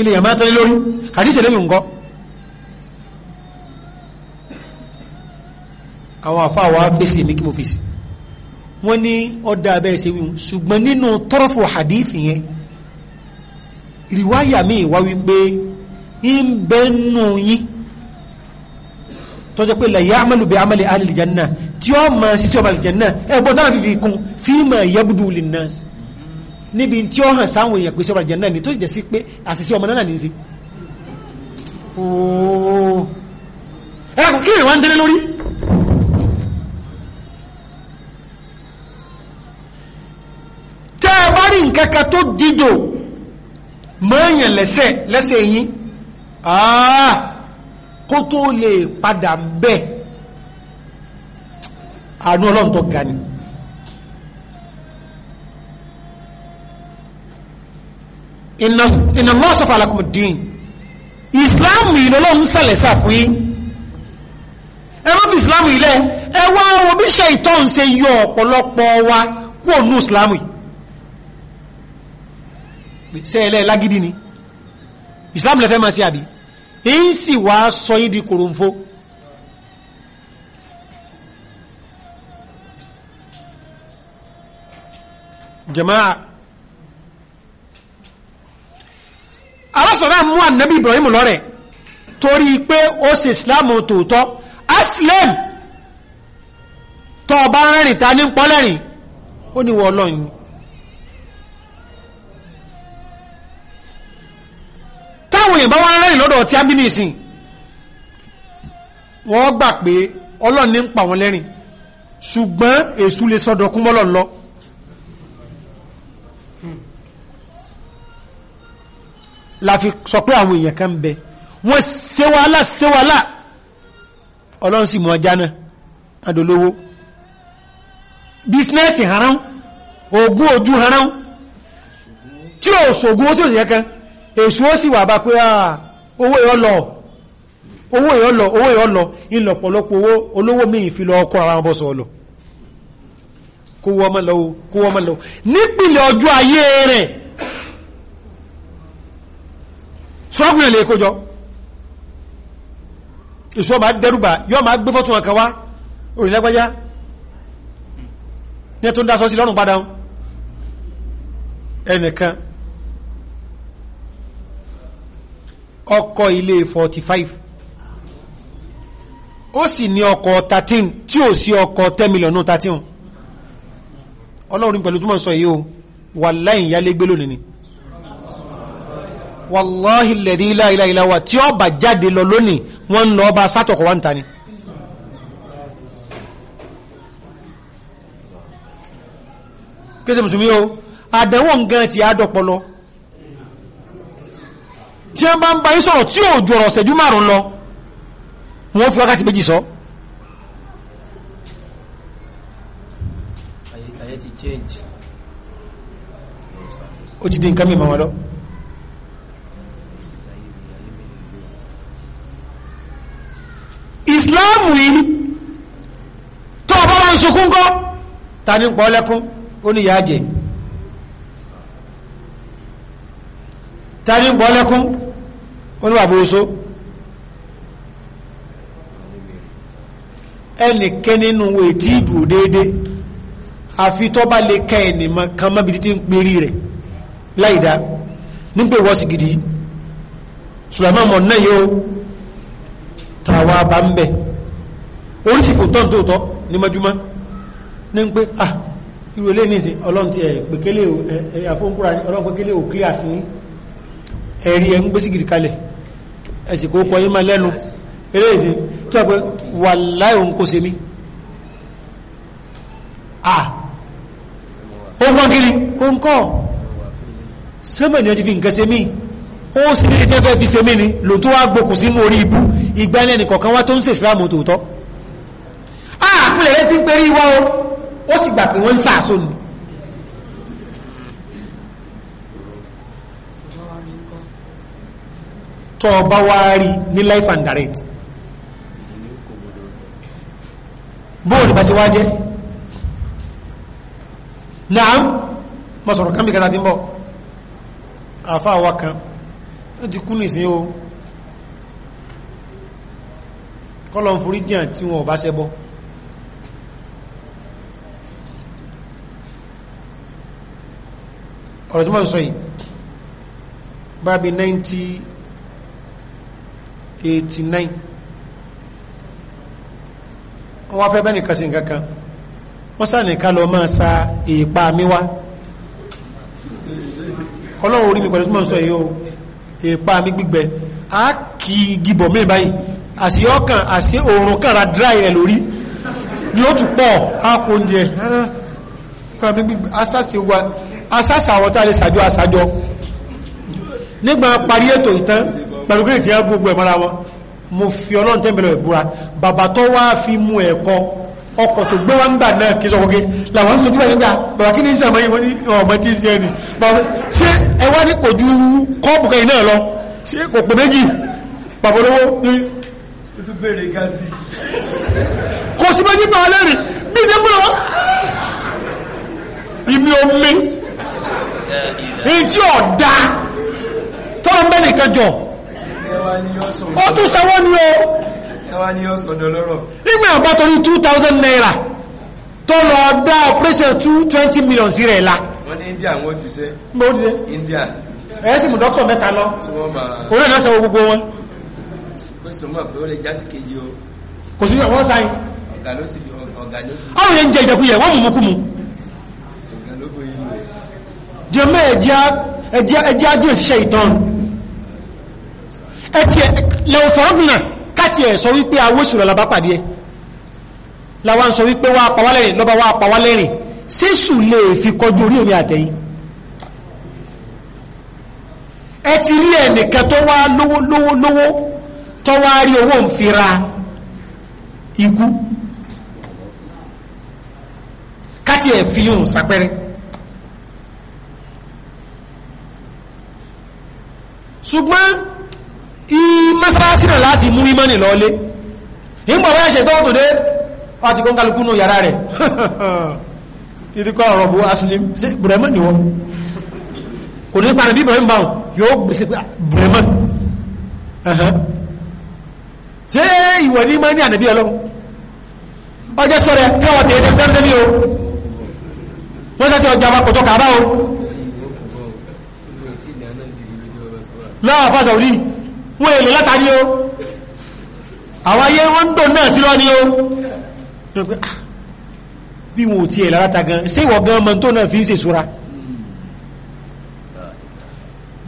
ilẹ̀ yàn máa tẹ́lẹ̀ lórí àdíṣe lẹ́yìn nǹkan. àwọn àfa wa fèsì èmi kí mo fèsì wọ́n ní ọ̀dà abẹ́ ṣe wíwọ́n ṣùgbọ́n nínú tọ́rọ̀fù hadith yẹn rìwáyà mi wá wípé ń bẹ́ẹ̀ nù yín tó jẹ́ pé la ya'malu bi amali ahli al-jannah tí ó máa ṣiṣẹ́ ọmọ al-jannah ẹgbọ́n tó fi fi kún fima yabdu lin-nas níbi tí ó hàn sáwọn èèyàn pé ṣe ọmọ al-jannah ni tó sì jẹ́ sí pé àṣìṣe ọmọ náà ní í ṣe. ẹ̀kùn kí ìwà ń tẹ́lẹ̀ lórí. tẹ́ ẹ bá rí nǹkan kan tó dídò mọ́ èèyàn lẹ́sẹ̀ lẹ́sẹ̀ yín kó tó lè padà ń bẹ́ àánú ọlọ́run tó ga ni inna Allah safa lakum ad-din islam yìí lọ́lọ́run sàlẹ̀ sàfún yìí ẹ má fi islam yìí lẹ̀ ẹ wá wo bí ṣàìtán ṣe yọ ọ̀pọ̀lọpọ̀ wa kú ònú islam yìí ṣe ẹlẹ́ lágídí ni islam lè fẹ́ máa ṣe àbí ń sì wá sọ yín di kòròǹfó jamaa alásọ̀rọ̀ mú ànábì Ibrahim lọ́rẹ̀ torí pé ó ṣe Islam tòótọ́ aslam tọ́ ọba rẹ́rìn ta ní pọ́lẹ́rìn ó ní wọ́n táwọn èèyàn bá wá ń rẹ́rìn lọ́dọ̀ tí a bí ní ìsìn wọ́n gbà pé ọlọ́run ní ń pa wọn lẹ́rìn ṣùgbọ́n èṣù lè sọ̀dọ̀ kún mọ́lọ̀ lọ. la fi sọ pé àwọn èèyàn kan ń bẹ wọ́n ṣe wàhálà ṣe wàhálà ọlọ́run sì mọ ọjà náà adolówó bísínẹ́sì haram oògùn ojú haram tí o sògùn tí o sì yẹ kan èṣù ó sì wà bá pé ah, owó yọ lọ owó yọ lọ owó yọ lọ ìlọ̀pọ̀lọpọ̀ owó olówó míì fi lọ ọkọ̀ ara wọn bọ́ sọ lọ kó wọ́n mọ́ lọ́wọ́ kó wọ́n mọ́ lọ́wọ́ nípìnlẹ̀ ọjọ́ ayé rẹ̀ ṣọ́gbìnrin lè kójọ èso ọmọ dẹ́rùbà yọ́ ma gbé fọ́tún ọkà wá òrìlẹ́gbẹ́já ní ẹ tó ń dá sọ́sí lọ́rùn padà ẹnìkan ọkọ̀ ilé forty five ó sì ní ọkọ̀ thirteen tí ò sí ọkọ̀ ten million náà thirteen ọlọ́run ní pẹ̀lú tó mọ̀ sọ yìí o wàláhì ìyálégbé lónìí ni wàláhì lẹ́dí iláìláìláwà tí ó bà jáde lọ lónìí wọ́n ń lọ ọba sátọ̀kọ̀ wá ń ta ni. kí ṣe mùsùlùmí o àdánwò nǹkan ti àádọ́pọ̀ lọ tí wọ́n bá ń bá yín sọ̀rọ̀ tí ò ju ọ̀rọ̀ ṣẹ́jú márùn lọ wọ́n fi wákàtí méjì sọ. ayé ti change. ó ti di nǹkan mìíràn wọn lọ. ìsìláàmù yìí tó ọba wa ń sunkún kọ́ ta ni ń pọ̀ lẹ́kún ó ní ìyá jẹ ta ni ń pọ̀ lẹ́kún. ó ní bàbá oṣó ẹnìkẹ́ nínú ètí ìdùn déédé àfi tó bá lè kẹ́ ẹnì kan mọ́bi títí ń perí rẹ̀ láìdá nígbè wọ́n gidi sùlámà mọ̀ náà yóò tàwa bá ń bẹ̀ oríṣi ní mọ́júmọ́ ní pé ah irú ilé nìsín ọlọ́run ti ẹ̀ pèkélé ẹ̀ ọlọ́run ẹ̀sìn kó kọyí máa lẹ́nu eléyìí tó ẹ̀ pé wà láì òun kó se mí ah ó gbọ́n kiri kó ń kọ́ sẹ́mọ̀ ni ó ti fi nǹkan se mí ó sì ní ẹjẹ́ fẹ́ fi se mí ni lò tó wá gbókù sínú orí ibú ìgbà ẹlẹ́ni kọ̀ọ̀kan wá tó ń ṣe ìsìlámù tòótọ́ ah àpilẹ̀ rẹ ti ń perí wá o ó sì gbà pé wọ́n ń sàásó ni tó o bá wá rí ní life and direct bóòlù bá sí wá jẹ́ náà mọ́ sọ̀rọ̀ kan bí kẹta ti ń bọ̀ àfá àwá kan ó ti kú nìsín o kọ́lọ̀ ń forí jìyàn tí wọn ò bá ṣẹbọ ọ̀rọ̀ tí mọ́ sọ yìí bá bí eighty nine wọ́n wá fẹ́ bẹ́ẹ̀ nìkan sí nǹkan kan wọ́n sá nìkan lọ máa sa ìpa mi wá ọlọ́run orí mi pẹ̀lú tí mò ń sọ yìí o ìpa mi gbígbẹ a kì í gibọ̀ mí báyìí àṣì ọkàn àṣì òórùn kan dry rẹ̀ lórí ni ó tún pọ̀ á kó oúnjẹ ìpa mi gbígbẹ asásì wa asásì àwọn tá a lè ṣàjọ àṣàjọ nígbà parí ètò ìtàn pẹ̀lú kí ìtìyà gbogbo ẹ̀mọ́ra wọn mo fi ọlọ́run tẹ́mẹ̀lẹ̀ ìbúra bàbá tó wá fi mú ẹ̀kọ́ ọkọ̀ tó gbé wá ń gbà náà kí sọkọ̀kẹ́ làwọn ń sojú ẹ̀yìn gbà bàbá kí ní sí àmọ́ ìwọ́n ní ọmọ tí ń ṣe ẹni bàbá ṣé ẹ wá ní kò ju kọ́ọ̀bù kẹyìn náà lọ ṣé kò pé méjì bàbá olówó ní. kò sí méjì bá lẹ́rìn bí ṣe ń bọ̀ lọ́wọ́ ìmí omi tọ́lọ́ ń nìkan jọ ó tún sanwó ni o nígbà àbá torí two thousand naira tó lọ dá ọpẹ́sẹ̀ two twenty million sí rẹ̀ la. wọ́n ní india wọ́n ti ṣe. mo ti ṣe. india. ẹ̀ sì mú dọ́kọ̀ mẹ́ta lọ. tí wọ́n máa. orí ẹ̀ náà sanwó gbogbo wọn. kó sì tó mọ̀ pé ó lè já sí kejì o. kò sí àwọn sáyìn. ọ̀gá ló sì ọ̀gá ló sì. àwọn yẹn ń jẹ ìjẹkújẹ wọ́n mú mú kú mu. ọ̀gá ló bóyá. jẹ́ mẹ́ ẹtì lẹ́ọ̀fọ́rọ́gùnà káti ẹ̀ sọ wípé awóṣùrọ̀ làbá pàdé ẹ̀ làwa ń sọ wípé wá pàwálẹ́rìn lọ́ba wá pàwálẹ́rìn sísù lè fi kọjú orí èmi àtẹ̀yìn ẹ ti rí ẹnìkan tó wá lówó lówó lówó tó wá rí owó ń fi ra ikú káti ẹ̀ fi hùn sápẹ́rẹ́ ṣùgbọ́n mẹ́sàrásí náà láti mú ìmọ́nì lọ́lé ìgbà bá ṣe tọ́wọ́ tó dé àti kọ́ kálukú nù yàrá rẹ̀ ìdíkọ́ ọ̀rọ̀ bú aslim sí bremen ni wọ́n kò ní parí bí bremen báwọn yóò gbèsè pé ah, bremen ṣé ìwọ̀ ní mọ́ ní ànàbí ọlọ́run ọjọ́ sọ́rẹ̀ pé ọ̀tẹ̀ ṣẹ́ṣẹ́ ní o wọ́n sẹ́sẹ́ ọjà wa kọ̀tọ̀ kàbá o láwọn fásitì wọ́n èlò látàrí o àwọn ayé wọ́n ń dùn náà sí lọ́ni o ah, bí wọn ò tiẹ̀ lára gan ṣé ìwọ gan mọ́ tó náà fi ń ṣèṣura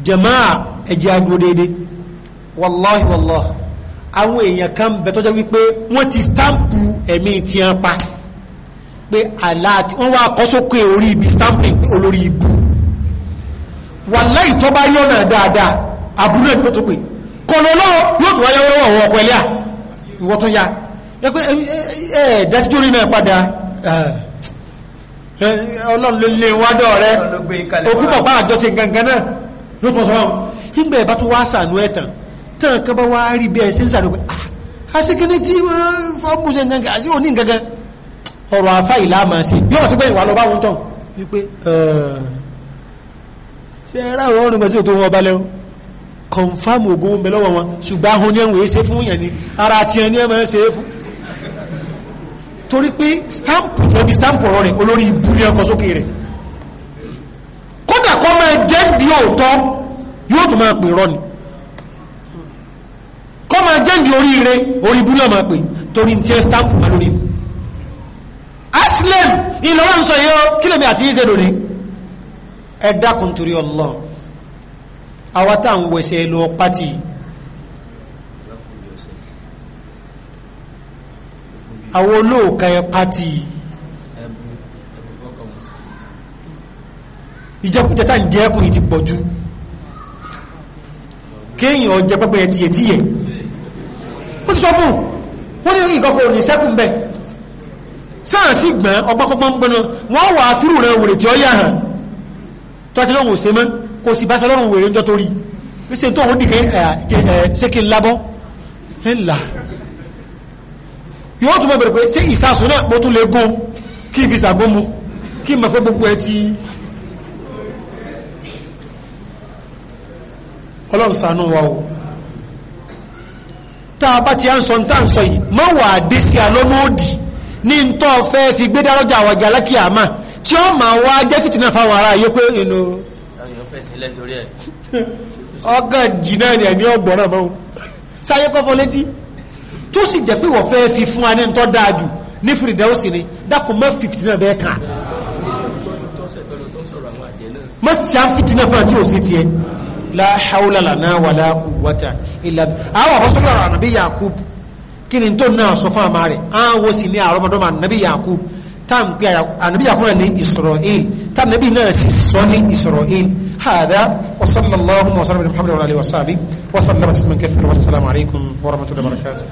jamaa ẹ̀jẹ̀ adúró déédéé wàláhi wàláhi àwọn èèyàn kan bẹ tọ́jọ́ wípé wọ́n ti stampu ẹ̀mí tiẹ̀ pa pé aláàtì wọ́n wá kọ́ sókè orí ibi stamping olórí ibu wàláì tọ́ bá rí ọ̀nà dáadáa àbúrò ẹ̀ ló tó pè é kọ̀nà náà yóò tún wáyé wọ́n wọ́n ọkọ̀ ẹlẹ́à ìwọ́ tún ya ẹ̀ẹ́dẹ́síjórí náà padà ọlọ́run lè wádọ́ rẹ e òkú bàbá àjọṣe gangan náà yóò tún sọ wọn nígbà ẹ̀ bá tún wá sànú ẹ̀ tàn tàn kan bá wá rí bí ẹ̀ ṣe ń sàdọ̀ pé àṣekínní ah, tí fọ́ọ̀mù ṣe gangan àṣìwò ní gangan ọ̀rọ̀ afá ìlà máa ṣe yóò tún gbẹ̀yìn wà lọ bá wọn tán wípé ṣe ẹ ráwọn orin tó wọn ọba lẹ́wọ̀n kọ̀nfàmù ògówó ń bẹ lọ́wọ́ wọn ṣùgbọ́n ahun ní ẹ̀wọ̀n èé ṣe fún yẹn ni ara àti ẹni ẹ̀ máa ń ṣe é fún torí pé stampu tẹ̀bi stampu ọ̀rọ̀ rẹ̀ olórí ibú ní ọkọ̀ sókè rẹ̀ kódà kọ́ máa jẹ́ ń di òótọ́ yóò tún máa pè rọ́ ni kọ́ máa jẹ́ ń di oríire orí ibú ní ọmọ pè torí ń tẹ́ stampu máa lórí aslam ìlọrọ̀ sọ yìí ó kílèmí àti yíṣẹ́ lónìí ẹ dákun torí ọlọ́run àwa tá à ń wẹsẹ̀ lọ pátì. àwọn olóòka ẹ pátì. ìjẹkújẹ tá à ń jẹ ẹkùn yìí ti pọ̀ jù kéèyàn ọjẹ pẹpẹ ẹ tiyẹ tiyẹ ó ti sọ fún wọn ní ìkọkọ òní sẹkùn bẹ́ẹ̀ sáà sì gbọn ọgbọkọgbọn gbọnà wọn wà á fírù rẹ wòlé tí ó yà hàn tọ́jú lóhùn ò ṣe mọ́ kò sì bá sọ lọ́rùn wèrè ńjọ́ torí ṣe tó òun dìkẹ́ ṣé kí n labọ́ ńlá yóò tún mọ̀ bẹ̀rẹ̀ pé ṣé ìsàsùn náà mo tún lè gún kí n fi ṣàgó mu kí n mọ̀ pé gbogbo ẹ ti ọlọ́run ṣàánú wa o tá a bá ti à ń sọ tá ń sọ yìí má wà á dé sí alọ́nà òdì ní ntọ́ fẹ́ fi gbé dárọ́jà àwọn àjà mà tí ó máa wá jẹ́ fìtínà fáwọn ará yẹ pé you know rẹ̀ sílẹ̀ torí ẹ̀. ọgá jìnnà ni ẹni ọgbọ̀n náà mọ́ sáyé kọ́fọ́ létí tó sì jẹ́ pé wọ́n fẹ́ fi fún wa ní ntọ́ dáa jù ní fìrìdẹ́wọ́sì ni dákun mọ́ fìfìtínà bẹ́ẹ̀ kàn. mọ́ sí à ń fìtínà fún wa tí o sì tiẹ̀ la hawla lana wala quwwata illa àwọn àbọ̀sọ́gbọ̀n àwọn ànábì yakub kí ni tó náà sọ fún àmà rẹ̀ àwọn wo sì ní àrọ́mọdọ́mọ ànábì yakub táà ń pè ànábì yakub náà ní israel táà ànábì náà sì sọ ní israel. هذا وصلى اللهم وسلم على محمد وعلى اله وصحبه وسلم تسليما كثيرا والسلام عليكم ورحمه الله وبركاته